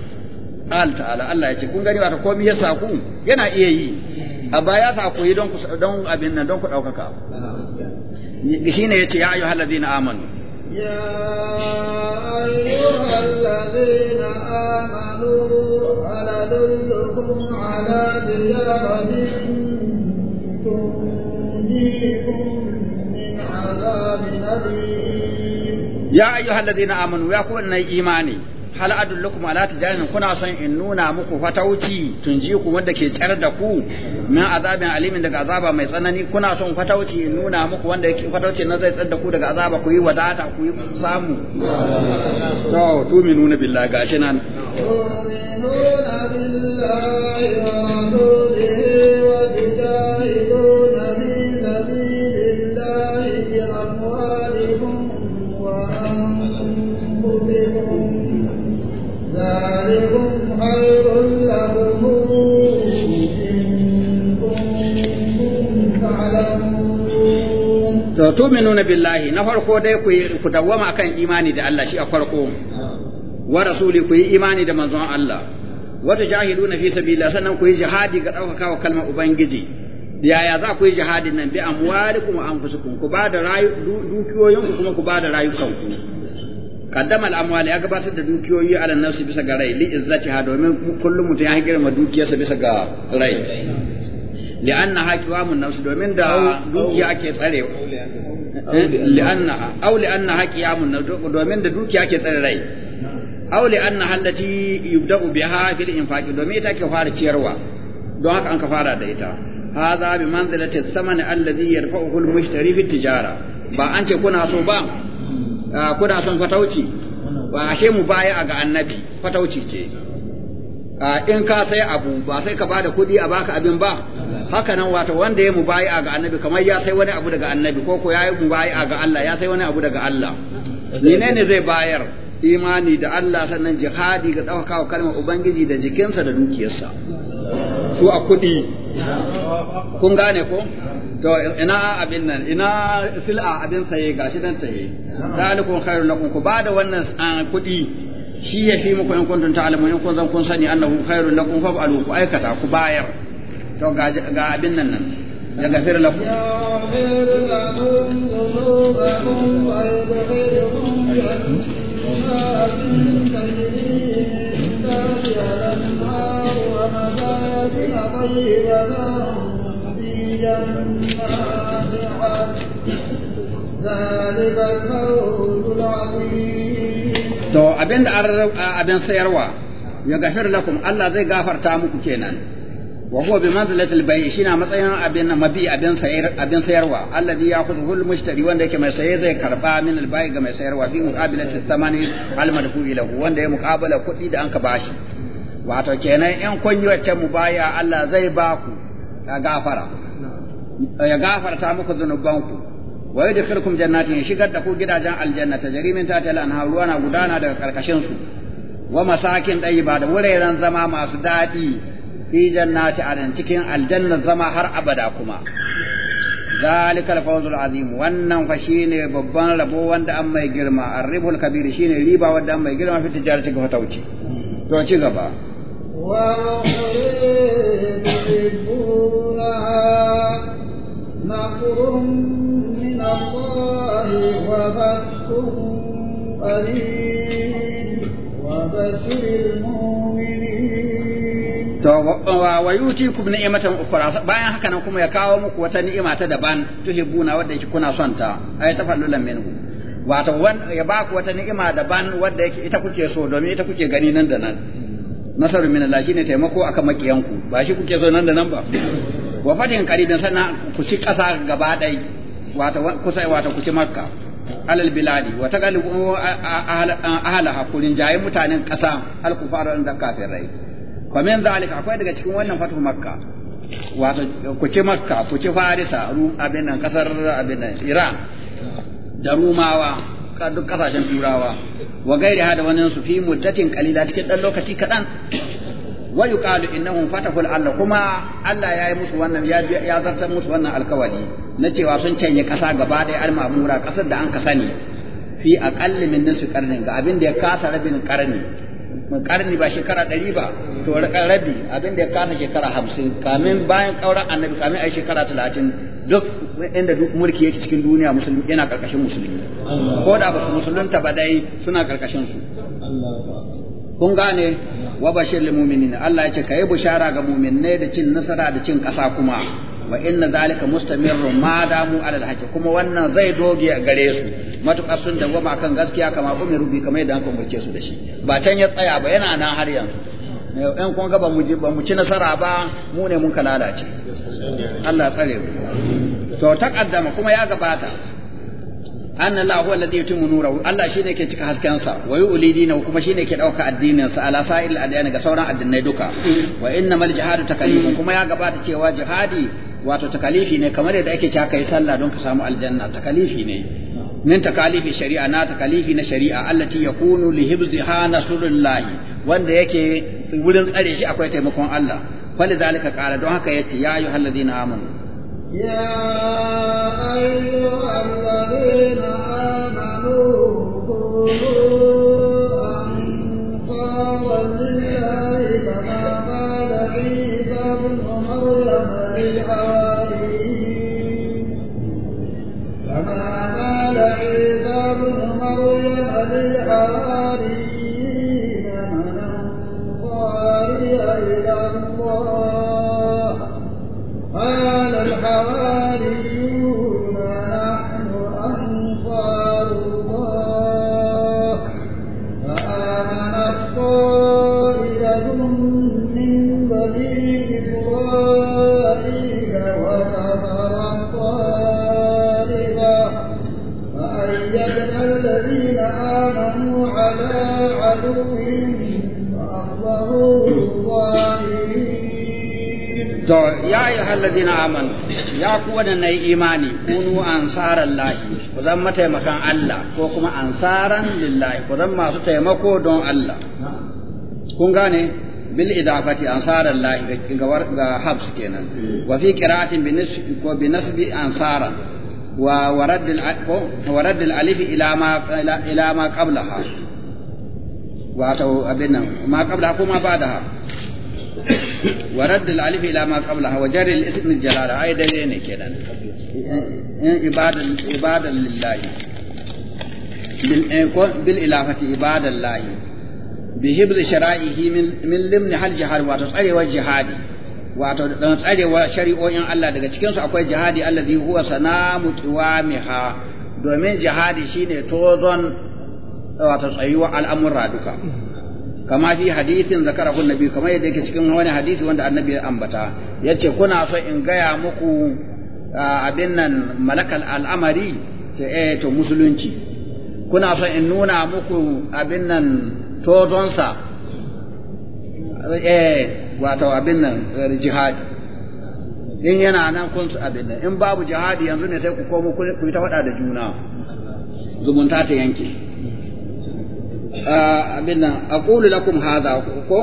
Allah ta'ala Allah ya ce kun gani ta komai ya saku yana iya yi a baya sa ku yi don don abin nan don ku daukaka shine yace ya ayyuhallazina amanu يا أيها
الذين آمنوا هل أدلكم على تجارة تنجيكم من عذاب أليم
يا أيها الذين آمنوا يا كون إيماني hal adullukum ala tijarin kuna son in nuna muku fatauci tunji ku wanda ke tsar da ku min azabin alimin daga azaba mai tsanani kuna son fatauci in nuna muku wanda yake fatauci na zai tsar da ku daga azaba ku yi wadata ku yi samu to nuna billahi gashi nan billahi wa tu'minuna billahi na farko dai ku ku dawwama kan imani da Allah shi a farko wa rasuli ku yi imani da manzon Allah wa na fi sabilillah sannan ku yi jihadi ga dauka wa kalmar ubangiji yaya za ku yi jihadin nan bi amwalikum wa anfusikum ku bada rayu dukiyoyinku kuma ku bada rayukanku kaddama al-amwali ya gabatar da dukiyoyi ala nafsi bisa ga rai li ha domin kullum mutum ya girma dukiyarsa bisa ga rai li'anna mun nafsi domin da dukiya ake tsare Eh, li'anna aw li'anna qiyamun domin da dukiya ake tsare rai aw li'anna allati yubda'u biha fil infaqi domin ita ke fara ciyarwa don haka an ka fara da ita hadha bi manzilati thamani alladhi yarfa'uhu al-mushtari fi tijara ba an ce kuna so ba hmm. kuna son fatauci ba ashe mu baya ga annabi fatauci ce in ka saya abu ba sai ka bada kuɗi a baka abin ba haka nan wato wanda ya mubai'a ga annabi kamar ya sai wani abu daga annabi ko ko ya yi mubai'a ga Allah ya sai wani abu daga Allah ne zai bayar imani da Allah sannan jihadi ga ɗaukawa kalmar Ubangiji da jikinsa da dukiyarsa su a kuɗi kun gane ko to ina abin nan ina sil'a abin saye gashi dan saye dalikum khairun lakum ku bada wannan kuɗi shi ya fi muku in kuntum ta'lamun in kun zan kun sani annahu khairun lakum fa'alu ku aikata ku bayar to ga abin nan nan ya gafir lakum To abin da abin sayarwa ya gafir lakum Allah zai gafarta muku kenan. wa huwa bi manzilatil bai' shi na matsayin abin mabi abin sayar abin sayarwa alladhi ya'khudhu mushtari wanda yake mai saye zai karba min al bai' ga mai sayarwa fi muqabilati thamani al ila lahu wanda ya muqabala kuɗi da anka bashi wato kenan in kun yi wacce mubaya Allah zai ba ku gafara ya gafarta muku zunubanku wa yadkhulukum jannatin ya shigar da ku gidajen aljanna tajri min tahtiha al-anhar ruwa na gudana daga karkashin su wa masakin ɗayiba da wuraren zama masu dadi. fi jannati adan cikin aljanna zama har abada kuma zalika alfawzul azim wannan fa shine babban rabo wanda an mai girma arribul kabir shine riba wanda an mai girma fi tijarati ga fatauci to ci gaba
وبشر المؤمنين
to wa yutikum ni'matan ukhra bayan haka nan kuma ya kawo muku wata ni'ima ta daban tuhibuna wanda yake kuna son ta ay tafallulan minhu wato ya ba ku wata ni'ima daban wanda yake ita kuke so domin ita kuke gani nan da nan nasaru min Allah shine taimako akan makiyanku ba shi kuke so nan da nan ba wa fatin qaribin sana ku ci kasa gaba dai wato kusa wato ku ci makka alal biladi wa tagalu ahla ahla hakurin jayin mutanen kasa alkufaru kufaran da kafirai fa min zalika akwai daga cikin wannan fatu makka wato ku makka ku ci farisa abin nan kasar abin nan iran da rumawa duk kasashen turawa wa gairi hada wannan su fi muddatin kalila cikin dan lokaci kadan wa yuqalu innahu fatahu al kuma Allah ya yi musu wannan ya ya zartar musu wannan alkawali na cewa sun canye kasa gaba da al-mamura kasar da an ka sani fi aqall min nisfi qarnin ga abin da ya kasa rabin qarni qarni ba shekara 100 ba to rabi abin da ya kasa shekara hamsin kamin bayan kauran annabi kamin a shekara talatin duk inda mulki yake cikin duniya musulmi yana karkashin musulmi ko da ba su musulunta ba dai suna karkashin su kun gane wa bashir lil mu'minin Allah ya ce kai bushara ga mu'minai da cin nasara da cin kasa kuma wa inna zalika mustamirru ma damu ala alhaqi kuma wannan zai doge a gare su matukar sun dawwama kan gaskiya kama umiru bi kamar yadda an umurce su da shi ba can ya tsaya ba yana nan har yanzu in kun ga ba mu ci nasara ba mu ne mun ka lalace Allah tsare mu to ta kaddama kuma ya gabata anna Allah huwa alladhi yutimmu nurahu Allah shine ke cika hasken sa wa yu'li dinahu kuma shine ke dauka addinin sa ala sa'il adyan ga sauran addinai duka wa mal jihadu takalimun kuma ya gabata cewa jihadi wato takalifi ne kamar yadda ake cewa kai sallah don ka samu aljanna takalifi ne min takalifi shari'a na takalifi na shari'a allati yakunu li hibziha nasrullahi wanda yake wurin tsare shi akwai taimakon Allah wani zalika kara don haka yace ya ayyuhal ladina amanu
ya ayyuhal ladina amanu كما قال عيسى ابن مريم للحواريين إلى الله قال الحواري
الذين آمنوا يا كون ني إيماني كونوا أنصار الله كذا ما تيمكان الله kun gane bil idafati ansaran lahi ga habs kenan wa fi qira'atin bi ko bi nasbi wa warad al ko warad al alif ila ma ila ma qablaha abin nan ma qablaha ko ma ba'daha wa raddul alif ila ma qablaha wa jarri al ism al jalala ai dare ne kenan ibadan ibadan lillahi bil ilafati ibadan lillahi bi hibr shara'ihi min min hal jihad wa tsarewa jihadi wato da tsarewa shari'o'in Allah daga cikin su akwai jihadi alladhi huwa domin jihadi shine tozon wato tsayuwa al'amura duka kama fi hadithin zakarahu nabi kama yadda yake cikin wani hadisi wanda annabi ya ambata yace kuna so in gaya muku abin nan malakal al'amari ce eh to musulunci kuna so in nuna muku abin nan tozonsa eh wato abin nan jihadi in yana nan kun su abin nan in babu jihadi yanzu ne sai ku komo ku ta faɗa da juna zumunta ta yanke abin nan aqulu lakum haza ko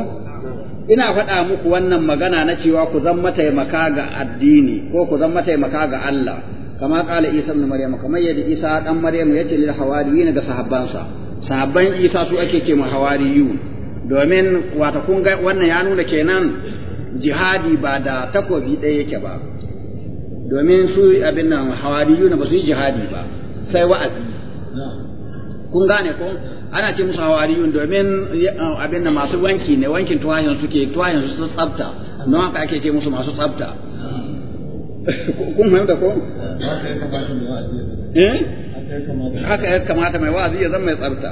ina faɗa muku wannan magana na cewa ku zan mataimaka ga addini ko ku zan mataimaka ga Allah kama kala Isa ibn Maryam kamar yadda Isa dan Maryam ce lil hawariyin ga sahabbansa sahabban Isa su ake ce mu hawariyu domin wata kun ga wannan ya nuna kenan jihadi ba da takobi ɗaya yake ba domin su abin nan hawariyu na ba su yi jihadi ba sai wa'azi kun gane ko ana ce musu hawariyun domin abin da masu wanki ne wankin tuwayen suke tuwayen su tsafta don haka ake ce musu masu tsafta kun fahimta ko eh? haka ya kamata mai wa'azi ya zama mai tsafta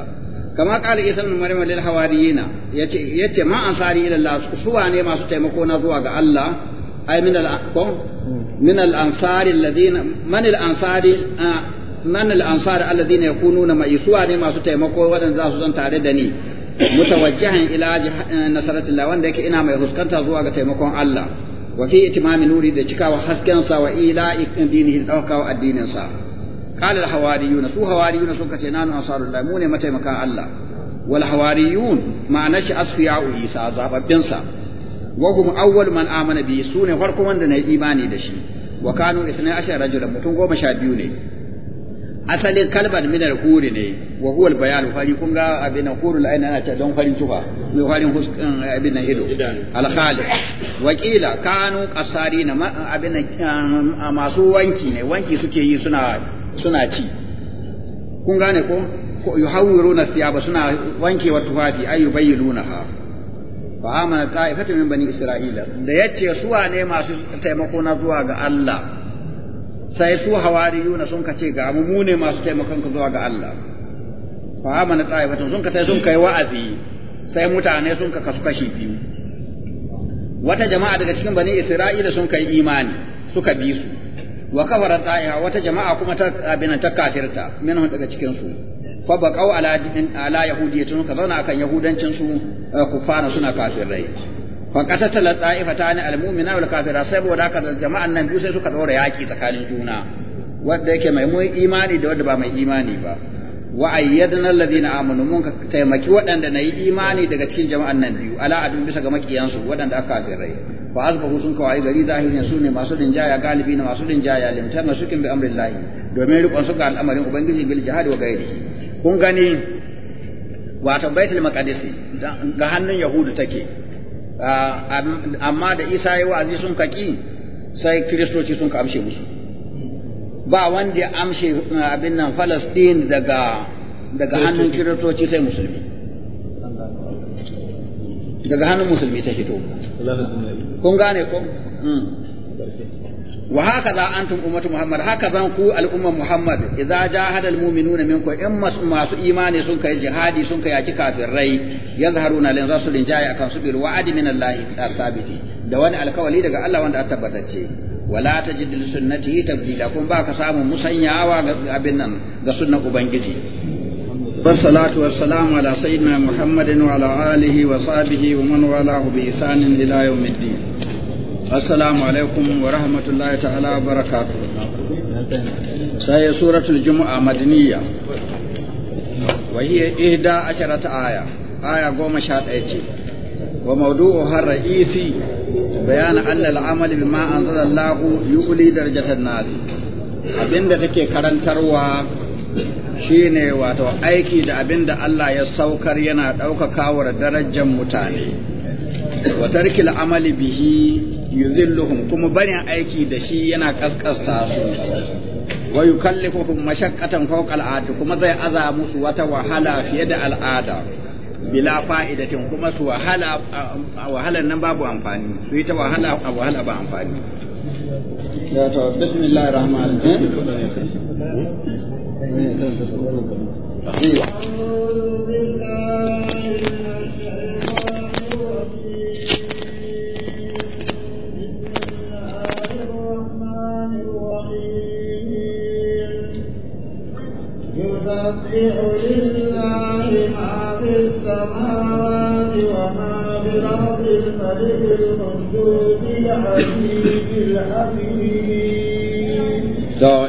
kama kala isa min maryam lil hawariyina yace yace ma ansari ila Allah su ne masu taimako na zuwa ga Allah ay min al min al ansari alladhina man al ansari man al-ansar alladhina yakununa ma'isuwa ne masu taimako waɗanda za su zan tare da ni mutawajjihan ila nasaratillah wanda yake ina mai huskanta zuwa ga taimakon Allah wa fi itimami nuri da cikawa hasken sa wa ila dinihi daukawa addinin sa qala al-hawariyun su hawariyun sun kace nanu ansarullah mu ne mataimakan Allah wal hawariyun ma'ana shi asfiya'u isa zababbin sa wa hum awwal man amana bi sune farko wanda na imani da shi wa kanu 12 rajulan mutum goma sha biyu ne asalin kalban minar huri ne wa huwal bayan fari kun ga abin nan huri aina ana ta don farin tufa mai farin huskan eh, abin nan ido al wakila kanu qasari na abin nan eh, masu wanki ne wanki suke yi suna suna ci kun gane ko yuhawwiruna siyaba suna wa tufafi ay ha fa amana ta'ifatu min bani isra'ila da yace suwa ne masu taimako na zuwa ga Allah sai su hawariyuna sun kace ga mu mu ne masu taimakon ku zuwa ga Allah fa amana ta'ifatu sun kace sun kai wa'azi sai mutane sun ka kasu kashi biyu wata jama'a daga cikin bani Isra'ila sun kai imani suka bi su wa kafara ta'iha wata jama'a kuma ta abin ta kafirta minhu daga cikin su fa baqau ala ala yahudiyatun ka zauna akan yahudancin su eh, kufana suna kafirai fa qatata ta ta'ifatan al-mu'mina wal kafira saboda haka jama'an nan biyu sai suka dora yaki tsakanin juna wanda yake mai mun imani da wanda ba mai imani ba wa ayyadna alladhina amanu mun ka taimaki waɗanda na yi imani daga cikin jama'an nan biyu ala adun bisa ga makiyansu waɗanda aka garai fa azbahu sun kawai gari zahirin su ne masu rinjaya galibi ne masu rinjaya limtar na sukin bi amrin domin rikon su ga al'amarin ubangiji bil jihad wa gairi kun gani wato baitul maqdis ga hannun yahudu take Ah, amma da isa yi wa'azi sun kaki sai kiristoci sun ka amshe musu ba wanda ya amshe ah, abin nan falastin daga daga hannun kiristoci sai musulmi
daga hannun musulmi
ta hito kun gane ko hmm. wa haka za antum ummatu muhammad haka zan ku al'ummar muhammad idza jahada almu'minuna minkum in masu imani sun kai jihadi sun kai yaki kafirai yazharuna lan zasu rinjaye akan su bil wa'di min allah thabiti da wani alkawali daga allah wanda a tabbatacce wala tajid li sunnatihi tabdila kun ba ka samu ga abin nan ga ubangiji والصلاة والسلام على سيدنا محمد وعلى آله وصحبه ومن والاه بإحسان إلى يوم الدين assalamu alaikum wa rahmatullahi ta'ala wa barakatuh sai suratul juma'a madaniya wa hiya ihda asharata aya aya goma sha ɗaya ce wa mawdu'u har ra'isi bayan anna al'amal bima anzala Allah yu'li darajatan nas abinda take karantarwa shine wato aiki da abinda Allah ya saukar yana ɗaukaka wa darajar mutane wa tarkil la'amali bihi yuzilluhum kuma barin aiki da shi yana kaskasta su wa yukallifuhum mashaqqatan fawqa al'ada kuma zai aza musu wata wahala fiye da al'ada bila fa'idatin kuma su wahala wahalan nan babu amfani su yi ta wahala a wahala ba amfani ya to bismillahir rahmanir
rahim
To,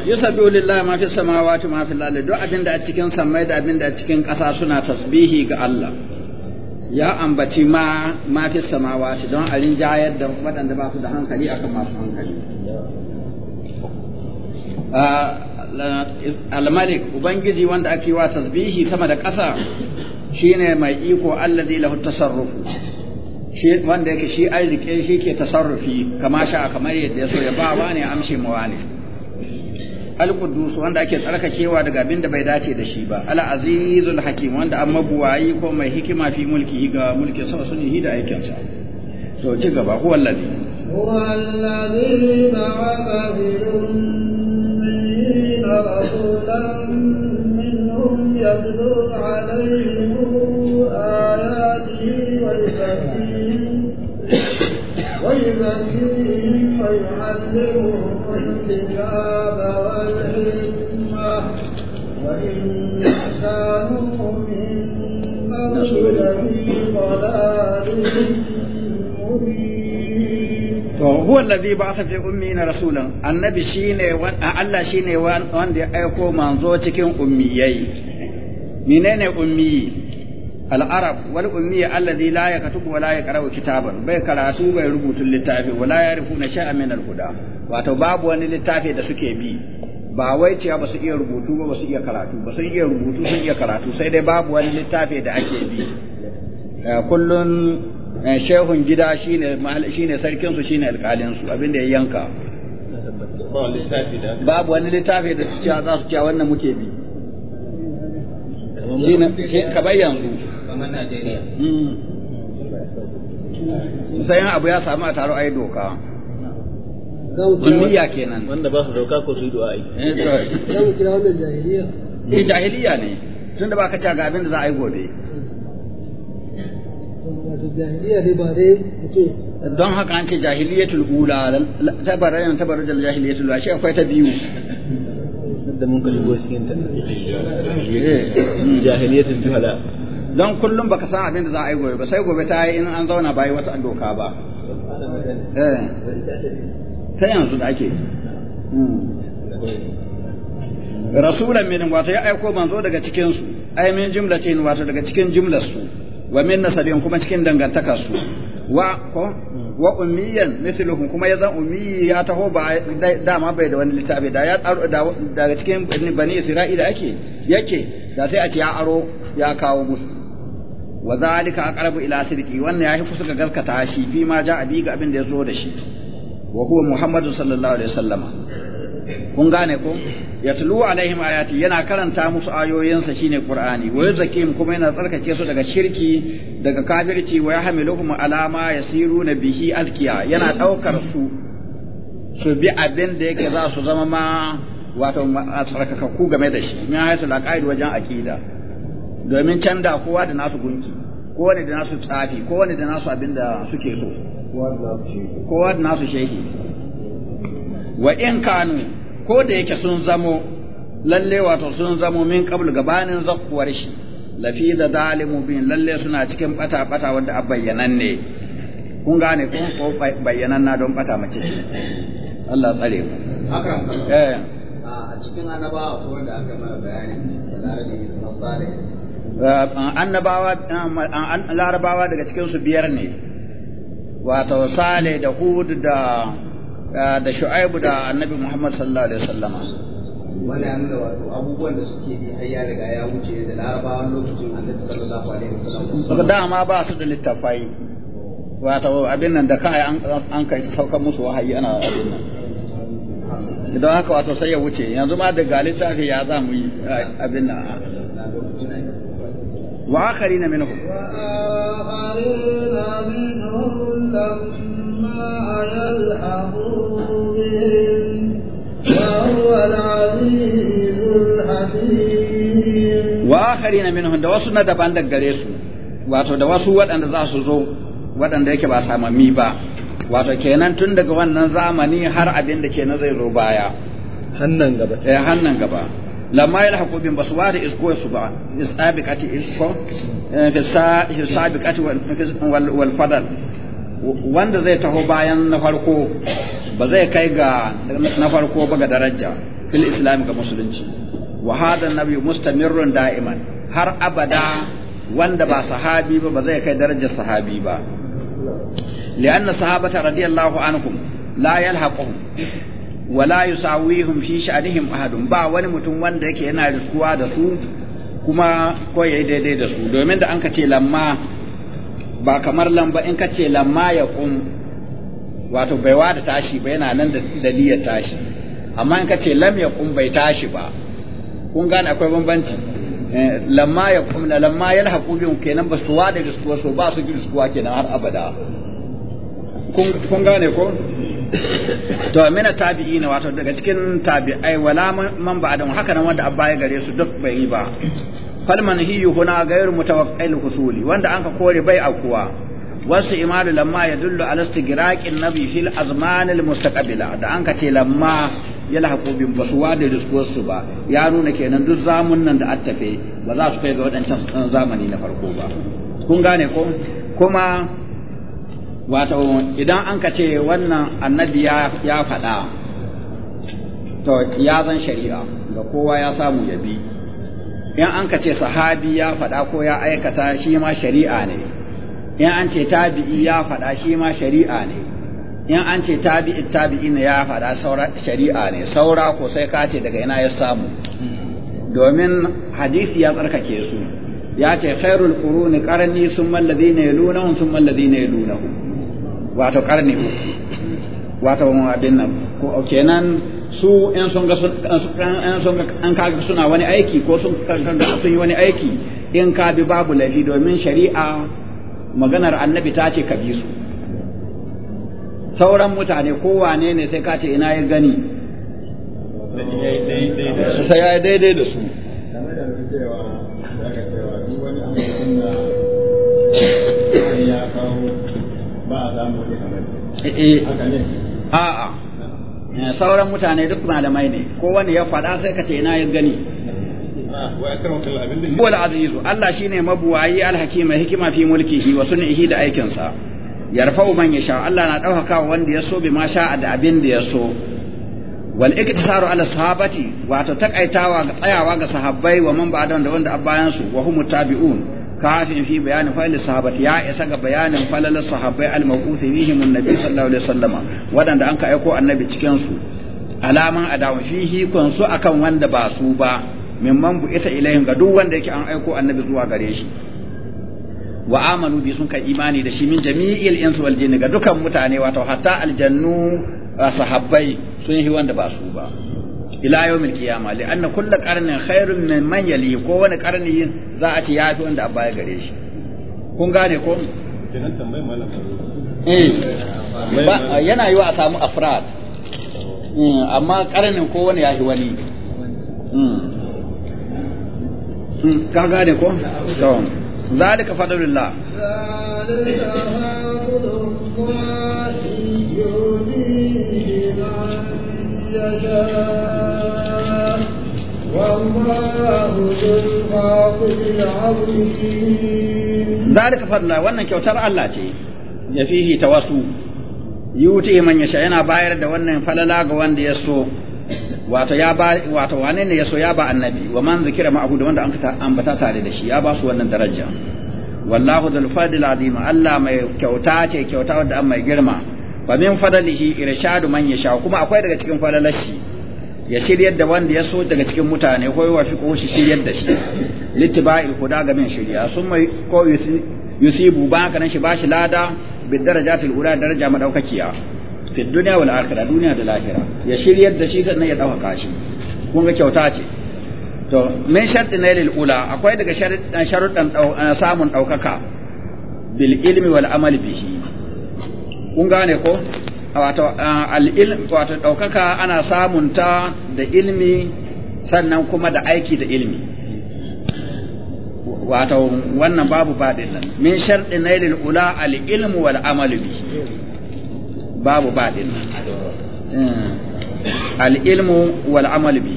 yusabbihu lillahi ma fi samawati ma fi al duk abin da a cikin sammai da abin da a cikin ƙasa suna tasbihi ga Allah. Ya ambaci ma ma fi samawati don a rinjayar da waɗanda ba su da hankali akan masu hankali. Ah, al-malik ubangiji wanda ake wa tasbihi sama da ƙasa shine mai iko alladhi lahu tasarrufu shi wanda yake shi arzike shi ke tasarrufi kama sha kamar yadda yaso ya ba wa ne amshi mawani al-quddus wanda ake tsarkakewa daga abin da bai dace da shi ba al-azizul hakim wanda an mabuwayi ko mai hikima fi mulki ga mulkin sa yi da aikinsa to ci gaba huwa alladhi
huwa alladhi ba'atha رسولا منهم يتلو عليهم آياته ويبكيهم ويعلمهم الكتاب والحكمة وإن كانوا من قبل لفي ضلالهم
to huwa allazi ba'atha fi ummiina rasulan annabi shine Allah shine wanda ya aiko manzo cikin ummiyai menene ummi al arab wal ummi allazi la yakutubu wa la yaqra'u kitaban bai karatu bai rubutu littafi wa la yarifuna sha'a min al huda wato babu wani littafi da suke bi ba wai cewa ba su iya rubutu ba ba su iya karatu ba sun iya rubutu sun iya karatu sai dai babu wani littafi da ake bi eh, kullun Eh, shehun gida shine ne sarkin su shine alkalinsu su abinda ya yanka babu wani littafi da cewa za su cewa wannan muke bi shine ka bayyan musayin hmm. abu ya samu a taro ai doka Zulmiya kenan. Wanda ba su doka ko su yi du'a yi. Eh, za kira wannan jahiliya. Eh, jahiliya ne. Tunda ba ka ci ga abin da za a yi gobe. don haka an ce jahiliyatul ula tabarayan tabarujal jahiliyatul ula shi akwai ta biyu da mun kalli shigo ta eh. jahiliyatul juhala don kullum baka san abin da za a yi gobe ba sai gobe ta yi in an zauna ba yi wata doka ba eh. ta yanzu da ake hmm. rasulan min wato ya aiko manzo daga cikin su ai min jumlatin wato daga cikin jumlar su wa min nasabin kuma cikin dangantaka su wa ko wa ummiyan kuma ya zan ummi ya taho ba dama bai da wani littafi da ya daga cikin bani isra'ila ake yake da sai a ce ya aro ya kawo gusu wa zalika aqrabu ila sidqi wannan yahi fi suka gaskata shi fi ma ja bi ga abin da ya zo da shi wa huwa muhammadu sallallahu alaihi wasallama kun gane ko tulu alaihim ayati yana karanta musu ayoyinsa shine qur'ani wa yuzakkihim kuma yana tsarkake su daga shirki daga kafirci wa yahmiluhum alama ma yasiruna bihi alkiya yana daukar su su bi abin da yake za su zama ma wato tsarkakakku game da shi min hayatul aqaid wajen aqida domin can da kowa da nasu gunki kowane da nasu tsafi kowane da nasu abin da suke so kowa da nasu shehi wa in kanu ko da yake sun zamo lalle wato sun zamo min qabl gabanin zakkuwar shi lafi da zalimu bin lalle suna cikin bata bata wanda a bayyanan ne kun gane kun ko bayyanan na don bata mace ce Allah tsare ku. haka eh
a cikin annabawa ko wanda aka mana bayani
eh, annabawa eh, larabawa daga cikin su biyar ne wato sale da hud da da shu'aibu da annabi Muhammad sallallahu alaihi wasallama wanda an da wato abubuwan da suke bi har ya riga ya wuce da larabawan lokacin annabi sallallahu alaihi wasallam dama ba su da littafai wato abin nan da kai an an kai saukar musu wahayi ana abin nan idan haka wato sai ya wuce yanzu ma daga littafi ya za mu yi abin nan wa akharina minhum wa
akharina ما يلحق بهم
وهو da wasu na daban da gare su wato da wasu waɗanda za su zo waɗanda yake ba samami ba wato kenan tun daga wannan zamani har abin da ke zai zo baya hannan gaba eh hannan gaba lamma yalhaqu bin baswari isko su ba kati isko fi sabiqati wal fadal wanda zai taho bayan na farko
ba zai kai ga
na farko ba ga daraja fil islam ga musulunci wa hada nabi mustamirrun da'iman har abada wanda ba sahabi ba ba zai kai darajar sahabi ba li'anna sahabata radiyallahu anhum la yalhaquhum wa la yusawihum fi sha'nihim ahadun ba wani mutum wanda yake yana riskuwa da su kuma ko yayi daidai da su domin da an ka lamma ba kamar lamba in ka ce lamma ya kun wato bai wada tashi ba yana nan da daliyar tashi amma in ka ce lam ya kun bai tashi ba kun gane akwai bambanci eh, lamma ya kun na lamma ya haƙu biyun kenan ba su wada da suwa so ba su suwa kenan har abada kun gane ko to tabi'i tabi'ina wato daga cikin tabi'ai wala man adam haka nan wanda abba ya gare su duk bai yi ba falman manhiyu huna ta mutawakkil husuli wanda anka kore bai akuwa wasu imalu lamma ya dullu ala istigraqin nabi fil al mustaqbila da anka ce lamma yalhaqu bin basuwa da riskuwarsu ba ya nuna kenan duk zamun nan da attafe ba za su kai ga waɗancan zamani na farko ba kun gane ko kuma wato idan an ka ce wannan annabi ya faɗa to ya zan shari'a ga kowa ya samu ya bi in an ka ce sahabi ya faɗa ko ya aikata shi ma shari'a ne in an ce tabi'i ya faɗa shi ma shari'a ne in an ce tabi'i tabi'i ne ya faɗa saura shari'a ne saura ko sai ka ce daga ina ya samu domin hadisi ya tsarkake su ya ce khairul quruni qarni summa alladhina yaluna summa alladhina yaluna wato qarni wato abin nan ko kenan su in sun ga an ga suna wani aiki ko sun ga sun yi wani aiki in ka bi babu lafi domin shari'a maganar annabi ta ce ka bi su sauran mutane kowane ne sai ka ce ina ya gani
sai ya daidai da su
eh, eh. a Eh, sauran mutane duk malamai ne ko wani ya faɗa sai ka ce ina ya gani wal azizu Allah shine mabuwayi alhakima hikima fi mulkihi wa sunnihi da aikinsa yarfa'u man yasha Allah na dauka wanda ya so bi ma sha da abin da ya so wal iktisaru ala sahabati wato takaitawa ga tsayawa ga sahabbai wa man ba'da da wanda abayan su wa hum tabi'un kafin fi bayanin fa'il sahabat ya isa ga bayanin falal sahabbai al mawqufi bihim annabi sallallahu alaihi wasallama wadanda an ka aiko annabi cikin su alaman adawa fihi kun su akan wanda ba su ba mimman bu ita ilaihim ga duk wanda yake an aiko annabi zuwa gare shi wa amanu bi sun kai imani da shi min jami'il insu wal jinni ga dukan mutane wato hatta aljannu sahabbai sun yi wanda ba su ba ila yawmil qiyama li anna kull qarnin khairun min man yali ko wani qarni za a ce yafi wanda abba ya gare shi kun gane ko
eh, yana yiwa
a samu afrad hmm, amma qarnin ko wani yafi wani hmm. Hmm, ka gane ko zalika fadlullah
Yeah.
ذلك فضل wannan kyautar Allah ce ya fihi tawassu yuti man yasha yana bayar da wannan falala ga wanda ya so wato ya ba wato wane ne ya so ya ba annabi wa man zikira ma'ahu da wanda an ka ambata tare da shi ya ba su wannan daraja wallahu dal fadil azim Allah mai kyauta ce kyauta wanda an mai girma fa min fadalihi irshadu man yasha kuma akwai daga cikin falalar shi ya shiryar da wanda ya so daga cikin mutane ko ya wafi ko shi shiryar da shi littiba'il kuda ga min shirya sun mai ko yusibu ba nan shi bashi lada bi darajatil ula daraja madaukakiya fi dunya wal akhirah duniya da lahira ya shiryar da shi sannan ya dauka shi kun ga kyauta ce to min sharti na lil ula akwai daga sharuddan sharuɗan eh, samun daukaka bil ilmi wal amali bihi kun gane ko wato ah, al'ilm wato ɗaukaka ana samun ta da ilmi sannan kuma da aiki da ilmi wato wannan babu baɗin nan min sharɗi nailil ula al'ilmu wal amalu bi babu baɗin nan eh. al'ilmu wal amalu bi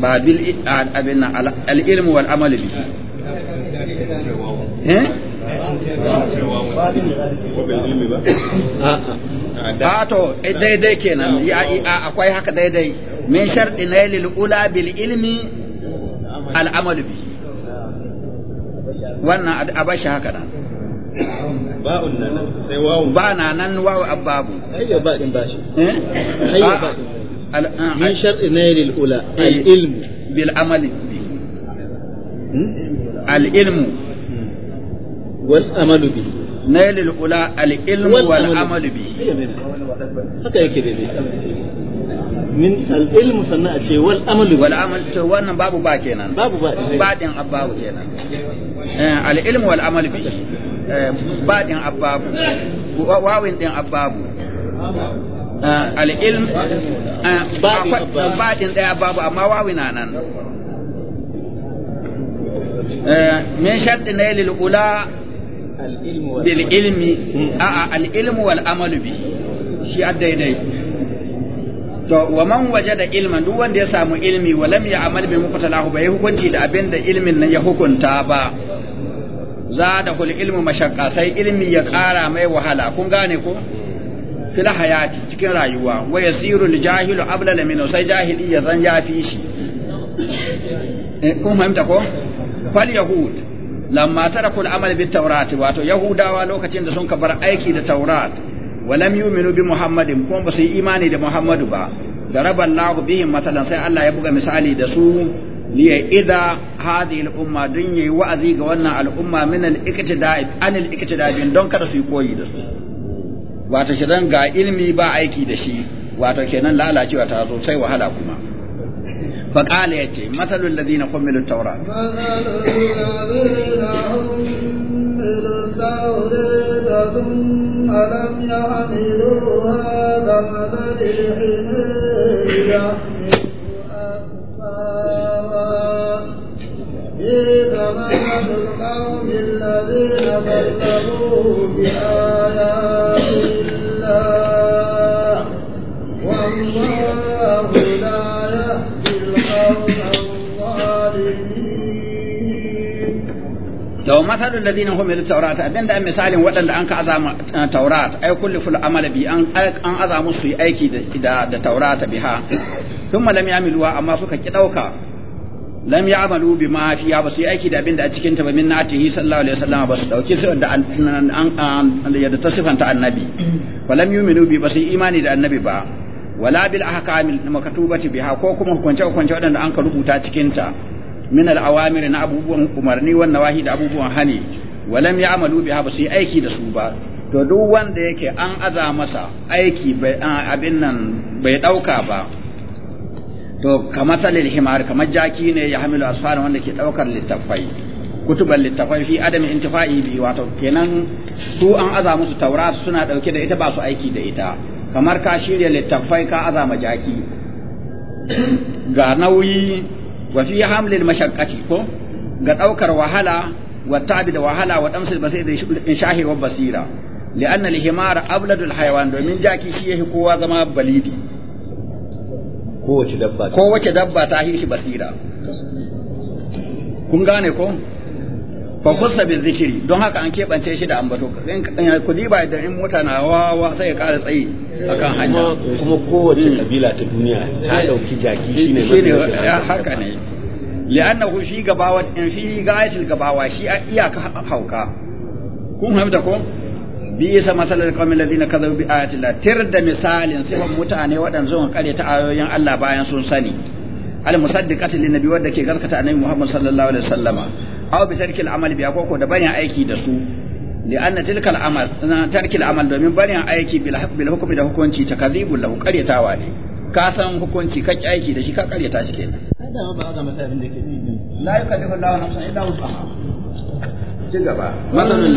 ba bil abin al'ilmu wal amalu bi eh a to eh, daidai kenan akwai haka daidai min sharɗi na yi ula bil ilmi al'amalu bi wannan a bashi haka nan ba na nan wawu ababu ayyo ba din bashi ayyo ba eh? ah, min sharɗi na yi ula al eh. ilmu bil bi hmm? al wal amalu bi nail al ula al ilm wal amalu bi haka yake dai min al ilm a ce wal amalu wal amal to babu ba kenan babu ba eh. badin abbabu kenan eh, al ilm wal amalu bi eh, badin abbabu wawin din abbabu al ilm badin daya babu amma wawina nan من شرط نيل الأولى bil ilmi a'a al ilmu wal amalu bi shi addaidai to wa man wajada ilman duk wanda ya samu ilmi wa lam ya'mal bi muqtalahu bai hukunci da abin da ilmin nan ya hukunta ba za da hul ilmu mashaqqa sai ilmi ya ƙara mai wahala kun gane ko fil hayati cikin rayuwa wa yasiru al jahilu ablala sai jahili ya zan yafi shi eh, kun fahimta ko fal yahud lamma taraku al-amal bit tawrat wato yahudawa lokacin da sun bar aiki da taurat walam yu'minu bi muhammadin kuma ba yi imani da muhammadu ba daraba Allahu bihim matalan sai Allah ya buga misali da su liya idha hadhihi umma dun wa'azi ga wannan al-umma min al-iqtida'i an al-iqtida'i don kada su koyi da su wato shi ga ilmi ba aiki da shi wato kenan lalacewa ta zo sai wahala kuma فقال يا مثل الذين حملوا التوراة Gracias. masalul ladina hum yadu tawrata abinda an misalin waɗanda an ka azama eh, tawrat ay kullu ful amala bi an an azamu su yi aiki da da tawrata biha thumma lam ya'miluha amma suka ki dauka lam ya'malu bima fiha ba su yi aiki da abinda a cikin ta ba min natihi sallallahu alaihi wasallam ba su dauki su da an an yadda ta sifanta annabi wa lam yu'minu bi ba su imani da annabi ba wala bil ahkamil makatubati biha ko kuma hukunce hukunce waɗanda an ka rubuta cikin ta min al na abubuwan umarni wan nawahi da abubuwan hani walam ya'malu biha ba su yi aiki da su ba to duk wanda yake an aza masa aiki bai abin nan bai dauka ba to kamatsalil himar kamar jaki ne ya hamilu asfarin wanda ke daukar littafai kutuban littafai fi adam intifa'i bi wato kenan su an aza musu taurat suna dauke da ita ba su aiki da ita kamar ka shirya littafai ka aza ma jaki ga nauyi wa fi hamlil mashaqqati ko ga daukar wahala wa tabi da wahala wa damsil basir da inshahi wa basira li'anna na himara abladul hayawan domin jaki shi yake kowa zama balidi kowace dabba ta dabba shi basira kun gane ko fakusa bi zikiri don haka an keɓance shi da ambato ku ba da in mutane wawa sai ya ƙara tsayi akan hanya kuma kowace hmm. kabila ta duniya ta dauki jaki shine shine haka ne li'anna hu shi gabawa in fi gayatul gabawa shi iyaka hauka kun hamda ko bi bisa masalar kawai ladina kaza bi ayati la tirda misalin sifan mutane waɗanda zuwa kare ta ayoyin Allah bayan sun sani al musaddiqati lin nabi wanda ke gaskata annabi Muhammad sallallahu alaihi wasallama aw bi tarkil amal bi koko da barin aiki da su li anna tilka amal na tarkil amal domin barin aiki bil bil hukmi da hukunci takazibul lahu qaryatawa ne ka san hukunci ka aiki da shi ka qaryata shi kenan kada ba ga masabin da kake yi la yukallifu Allahu nafsan illa wusaha ci gaba masalul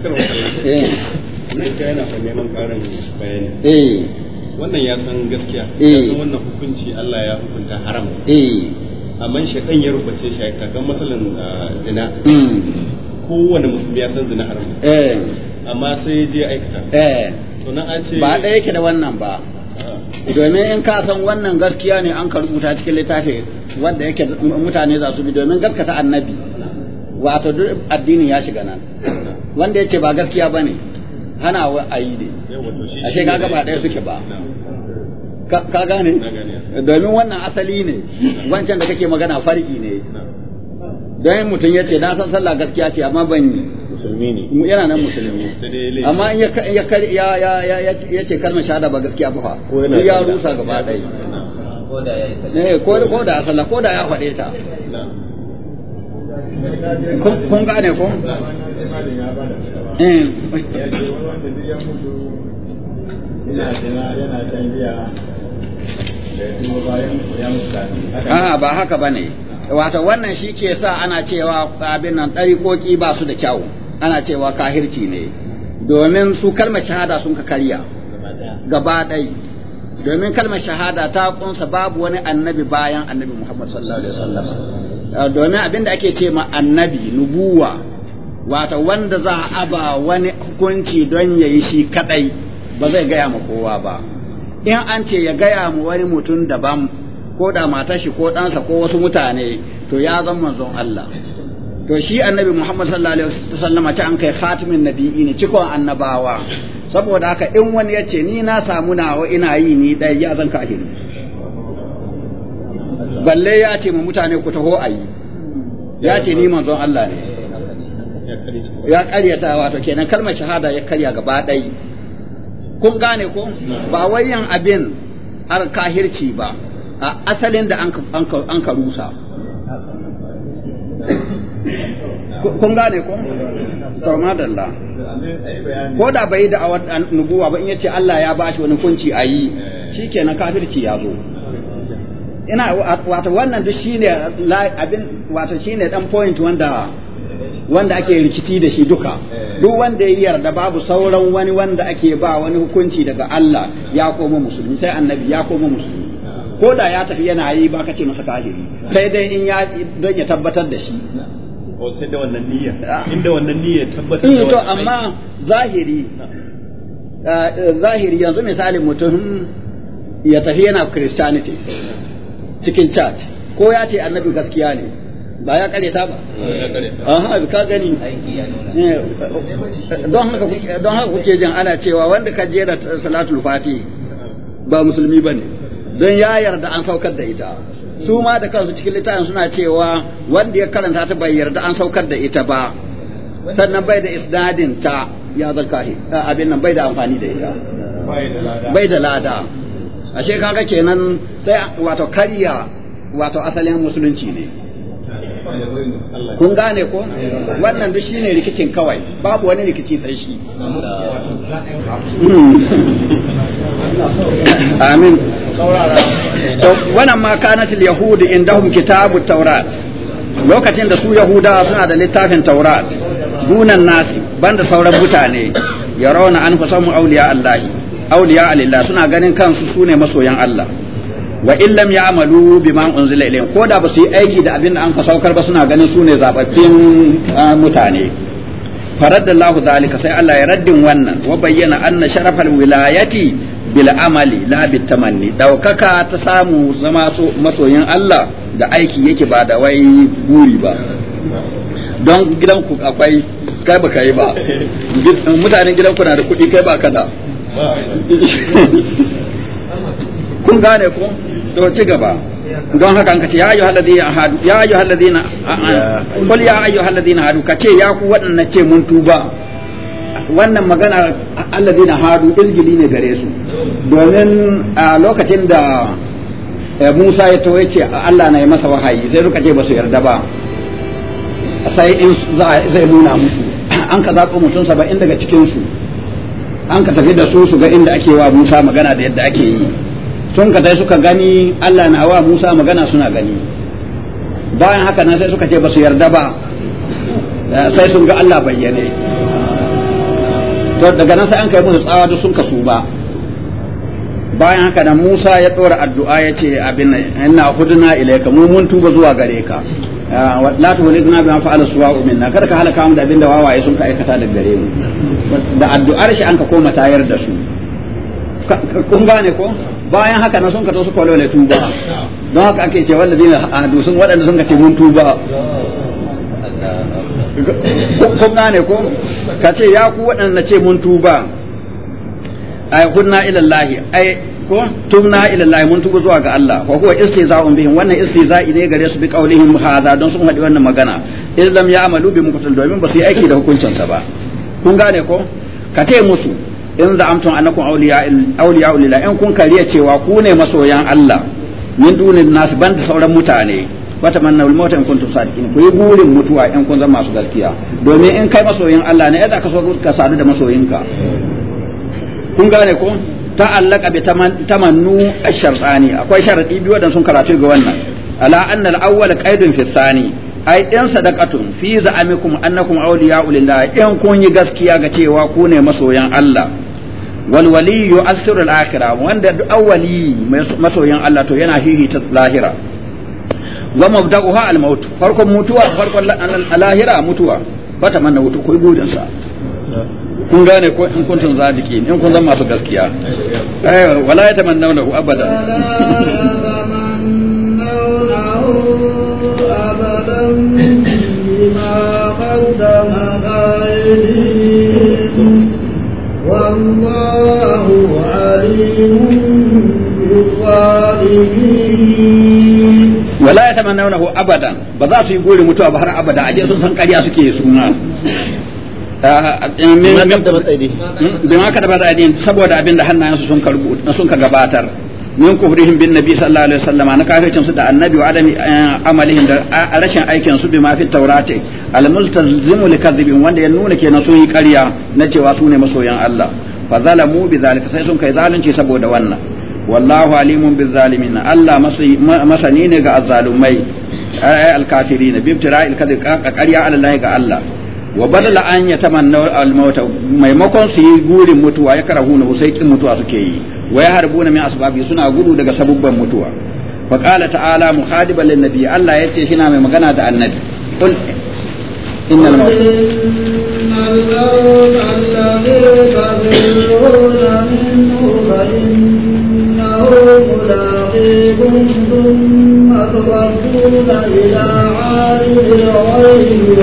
Eh.
Eh. wannan ya san gaskiya eh. ya san wannan hukunci Allah ya hukunta haram amma shekan ya rubace shi kakan masalan ah, zina hmm. kowane musulmi ya san zina haram amma sai ya je aikata to na an ce ba ɗaya yake da wannan ba ah. domin in ka san wannan gaskiya ne an ka rubuta cikin littafi wanda yake mutane za su bi domin gaskata annabi wato duk addini ya shiga nan wanda ce ba gaskiya bane hana wa ayi ne a ce kaga ba ɗaya suke ba ka gane domin wannan asali ne wancan da kake magana farki ne don mutum ya ce na san sallah gaskiya ce amma ban musulmi ne yana nan musulmi amma in ya ya ya ya ce kalmar shahada ba gaskiya ba fa ya rusa gaba ɗaya
ko da ya eh, sallah ko da ya faɗe ta kun gane ko eh. A'a ba
haka ba ne, wata wannan shi ke sa ana cewa abin nan koki ba su da kyau, ana cewa kahirci ne, domin su kalmar shahada sun ka karya gaba ɗai. domin kalmar shahada ta kunsa babu wani annabi bayan annabi Muhammad sallallahu alaihi wasallam Eh, domin abin da ake ce ma annabi nubuwa wata wanda za a aba wani hukunci don ya yi shi kadai ba zai gaya ma kowa ba in an ce ya gaya ma wani mutum daban ko da matar shi ko dansa ko wasu mutane to ya zan manzon Allah to shi annabi Muhammad sallallahu alaihi wasallam ce an kai khatimin nabiyyi ne cikon annabawa saboda haka in wani ya ce ni na samu nawa ina yi ni dai ya zan kafiri balle ya ce mu mutane ku taho a yi ya ce ni manzon Allah ne ya karyata wato kenan kalmar shahada ya karya gaba ɗai kun gane ko ba wayan abin har kahirci ba a asalin da an ka rusa kun gane ko to madalla ko da bai da awar nubuwa ba in yace Allah ya bashi wani kunci ayi shikenan kafirci ya zo ina wato wannan duk shine abin wato shine dan point wanda wanda ake rikici da shi duka eh. duk wanda ya yarda babu sauran wani wanda ake ba wani hukunci daga Allah ya koma musulmi sai annabi ya koma musulmi ko da ya tafi yana yi ba ka ce masa kafiri sai dai in ya don ya tabbatar da shi ko sai da wannan niyya inda wannan niyya tabbatar da eh, to amma zahiri eh, zahiri yanzu misali mutum ya tafi yana christianity cikin chat ko ya ce annabi gaskiya ne ba ya ta ba aha ka gani eh, don haka don haka kuke jin ana cewa wanda ka jera salatul fati ba musulmi bane don ya yarda an saukar da ita su ma da kansu cikin littafin suna cewa wanda ya karanta ta bai yarda an saukar da ita ba sannan bai da isnadin ta ya zalkahi abin nan bai da amfani da ita bai da lada ashe kaga kenan sai wato karya wato asalin musulunci ne kun gane ko wannan duk shine rikicin kawai babu wani rikici sai shi hmm. amin wannan ma kanat yahudi indahum kitabu taurat lokacin da su yahudawa suna da littafin taurat dunan nasi banda sauran mutane yarawna an fasamu auliya allahi awliya alillah suna ganin kansu sune masoyan Allah wa illam ya'malu bima unzila ilayhim ko da ba su yi aiki da abin da an ka saukar ba suna ganin sune zababbin ah, mutane faradda zalika sai Allah ya raddin wannan wa bayyana anna sharafal wilayati bil amali la bit tamanni daukaka ta samu zama masoyin Allah da aiki yake ba da wai buri ba don gidanku akwai kai ba kai ba mutanen gidanku na da kuɗi kai ba kada kun gane ko to ci gaba don haka kace ya ayyuhal ladina ahadu ya ayyuhal ladina qul ya ayyuhal ladina ahadu kace ya ku wadannan ce mun tuba wannan magana alladina hadu ilgili ne gare su domin a lokacin da eh, Musa ya to yace Allah na yi masa wahayi sai suka ce ba su yarda ba sai in zai nuna musu an ka zaɓo mutum saba'in daga cikinsu an ka tafi da su su ga inda ake wa Musa magana da yadda ake yi sun ka dai suka gani Allah na wa Musa magana suna gani bayan haka nan sai suka ce ba su yarda ba eh, sai sun ga Allah bayyane to daga nan sai an kai musu tsawa da sun kasu ba bayan haka nan Musa ya ɗora addu'a ya ce abin nan ina huduna ilaika mu mun tuba zuwa gare ka la tuhlikna bi fa'ala suwa'u minna kada ka halaka mu da abinda wawaye sun ka aikata da gare mu da addu'ar shi an ka koma tayar da su kun gane ko bayan haka na sun ka to su kwalo tuba don haka ake ce na ahadu sun waɗanda sun ka ce mun tuba kun gane ko ka ce ya ku waɗanda ce mun tuba ay kunna ila Allah ay ko tumna ila Allah mun tubu zuwa ga Allah wa huwa istiza'un bihim wannan istihza'i ne gare su bi qaulihim hadha don sun hadi wannan magana idan illam ya'malu bi muqtal domin ba su yi aiki da hukuncin sa ba kun gane ko ka ce musu in amtun annakum awliya awliya lillah in kun kariya cewa ku ne masoyan Allah min dunin nas ban da sauran mutane wata manna ul mauta in kuntum sadiqin ku yi gurin mutuwa in kun zama masu gaskiya domin in kai masoyin Allah ne ai yadda ka so ka sadu da masoyinka kun gane ko ta'allaka bi tamannu ash-shartani akwai sharadi biyu wadan sun karatu ga wannan ala anna al-awwal qaidun fi tsani ai in sadaqatun fi za'amikum annakum awliya'u lillah in kun yi gaskiya ga cewa ku ne masoyan Allah wal wali asiru al-akhirah wanda awwali masoyan Allah to yana ta lahira wa mabda'uha al-maut farkon mutuwa farkon lahira mutuwa ta manna wutu ko gudun sa kun gane ko in kuntum zadiki in kun zama masu gaskiya eh wala ya abadan wala ya tamanna abadan ba za su yi gori mutuwa ba har abada a aje sun san ƙarya suke suna bima ka dabar aidin saboda abin da hannayensu sun karbu sun ka gabatar min kufrihim bin nabi sallallahu alaihi wasallam na kafircin su da annabi wa adam eh, amalihim da rashin aikin su bima fi taurati al multazimu wanda ya nuna na sun yi ƙarya na cewa su ne masoyan Allah fa zalamu bi zalika sai sun kai zalunci saboda wannan wallahu alimun bil zalimin Allah masani ne ga azzalumai ay al kafirin bi ibtira'il kadhib ƙarya ala Allah ga Allah wa badala an ya tamanna al-mauta maimakon su yi gurin mutuwa ya na sai kin mutuwa suke yi wa ya na min asbabi suna gudu daga sabubban mutuwa fa qala ta'ala muhadiban lin nabi Allah yace shi na mai magana da annabi qul innal
mauta ثم تردون إلى عالم الغيب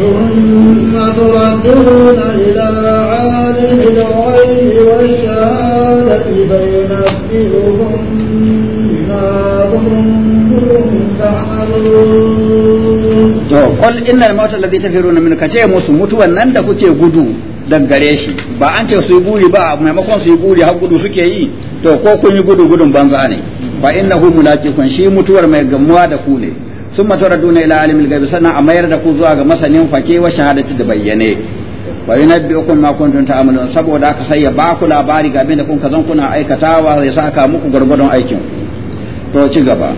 ثم تردون إلى عالم الغيب والشهادة فينبئهم بما كنتم تعملون.
da kuke gudu الذي gare gudu dangare shi ba an ce su yi guri ba maimakon su yi guri har gudu suke yi to ko kun yi gudu gudun banza ne ba hu mulaki kun shi mutuwar mai gamuwa da ku ne sun matura duna ila alimul gaibi sannan a mayar da ku zuwa ga masanin fake wa shahadati da bayyane wa yunabbi'ukum ma kuntum ta'malun saboda aka sai ya ba ku labari ga da kun ka zan kuna aikatawa ya saka muku gurgurdon aikin to ci gaba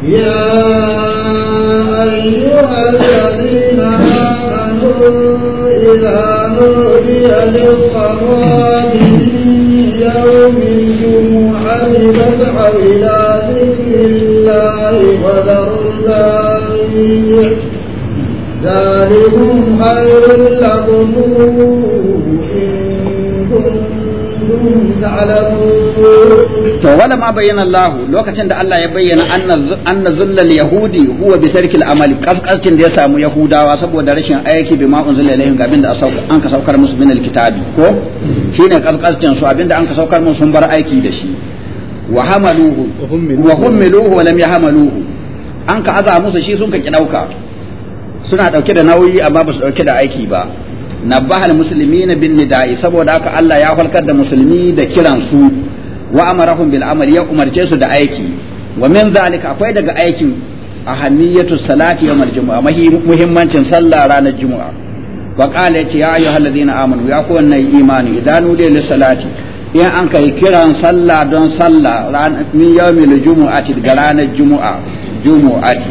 يا أيها
الذين آمنوا إذا نودي للصلاة يوم الجمعة ذلكم خير لكم إن
to wala ma bayyana Allah lokacin da Allah ya bayyana anna zullal yahudi huwa bi tarkil amali kaskascin da ya samu yahudawa saboda rashin aiki bi ma'un unzila ilaihim ga abinda an ka saukar musu min alkitabi ko shine kaskascin su abinda an ka saukar musu sun bar aiki da shi wa hamaluhu wa hummiluhu wa lam yahmaluhu an ka aza musu shi sun ka ki suna dauke da nauyi amma ba su dauke da aiki ba nabbahal muslimina bin nida'i saboda aka Allah ya falkar da musulmi da kiran su wa bil amali ya umarce su da aiki wa min zalika akwai daga aikin ahammiyatu salati yawmal jumu'a muhimmancin sallah ranar jumu'a wa qala yace ya ayyuhallazina amanu ya ku wannan imani idan nudiya lis salati in an kai kiran sallah don sallah min yawmil jumu'ati daga ranar jumu'a jumu'ati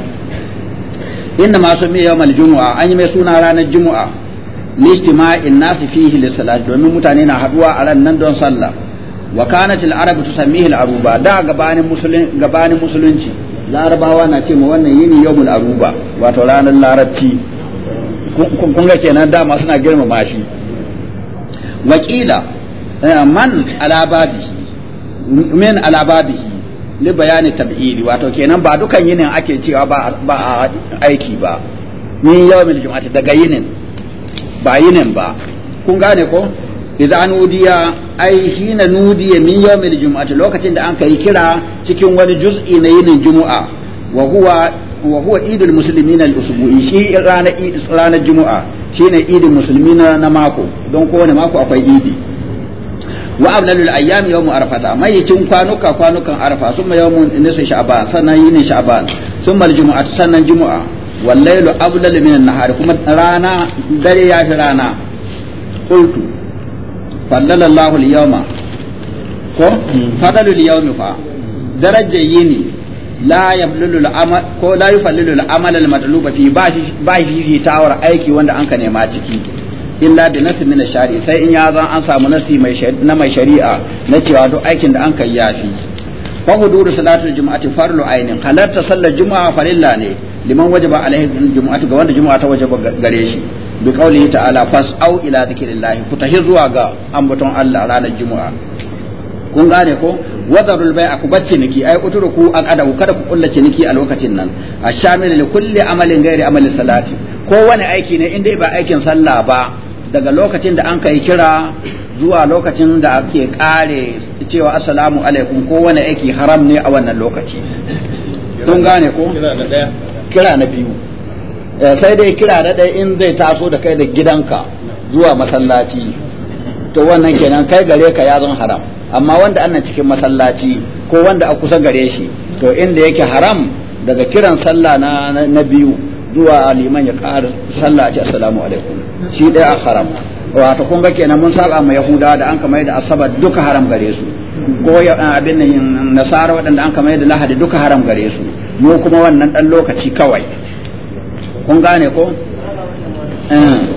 inna ma sumi yawmal jumu'a an yi mai suna ranar jumu'a lijtima'in nasi fihi lisalat domin mutane na haduwa a ran nan don sallah wa kanat al-arab tusammihi al-aruba da gabanin musulun gabanin musulunci larabawa na ce ma wannan yini yawmul aruba wato ranar larabci kun ga kenan dama suna girmama shi wakila eh, man alababihi min alababihi li bayani tab'idi wato kenan ba dukan yinin ake cewa ba ba aiki ba min yawmil jum'ati daga yinin ba yinin ba kun gane ko idza nudiya ai hina nudiya min yawmil jumu'ati lokacin da an kai kira cikin wani juz'i na yinin jumu'a wa huwa wa huwa idul muslimina al-usbu'i shi ranar ranar jumu'a shine idul muslimina na mako don kowane mako akwai idi wa ablalul ayyam yawm arfata mayyacin kwanuka kwanukan arfa summa yawmun nisfu sha'ban sannan yinin sha'ban summa al-jumu'atu sannan jumu'a wallailu afdal min an-nahari kuma rana dare ya fi rana qultu fallala Allahu yawma ko fadalu al-yawmi fa darajar yini ko la yufallilu al-amal al-matluba fi ba shi fi tawar aiki wanda an ka nema ciki illa bi nasi shari sai in ya zan an samu nasi na mai shari'a na cewa duk aikin da an kai yafi fa huduru salatul jumu'ati farlu ainin halarta sallar juma'a farilla ne liman wajaba alaihi jumu'atu ga wanda juma'a ta wajaba gare shi bi qawlihi ta'ala au ila dhikrillahi ku tahi zuwa ga ambaton Allah ranar juma'a kun gane ko wadarul bai'a ku bacci niki ai uturuku aqada ku kada ku kullace niki a lokacin nan ashamil li kulle amalin ghairi amali salati ko wani aiki ne inda ba aikin sallah ba daga lokacin da an kai kira zuwa lokacin da ake kare cewa assalamu alaikum ko wani aiki haram ne a wannan lokaci Don gane ko kira na biyu eh, sai dai kira na ɗaya in zai taso da kai da gidanka zuwa masallaci to wannan kenan kai gare ka ya zan haram amma wanda annan cikin masallaci ko wanda a kusa gare shi to inda yake haram daga kiran sallah na biyu zuwa liman ya ƙara sallah a ce assalamu alaikum shi ɗaya a haram wato kun ga kenan mun saba ma yahudawa da an kama da asabar duka haram gare su ko abin nan nasara waɗanda an kama da lahadi duka haram gare su mu kuma wannan ɗan lokaci kawai kun gane ko eh.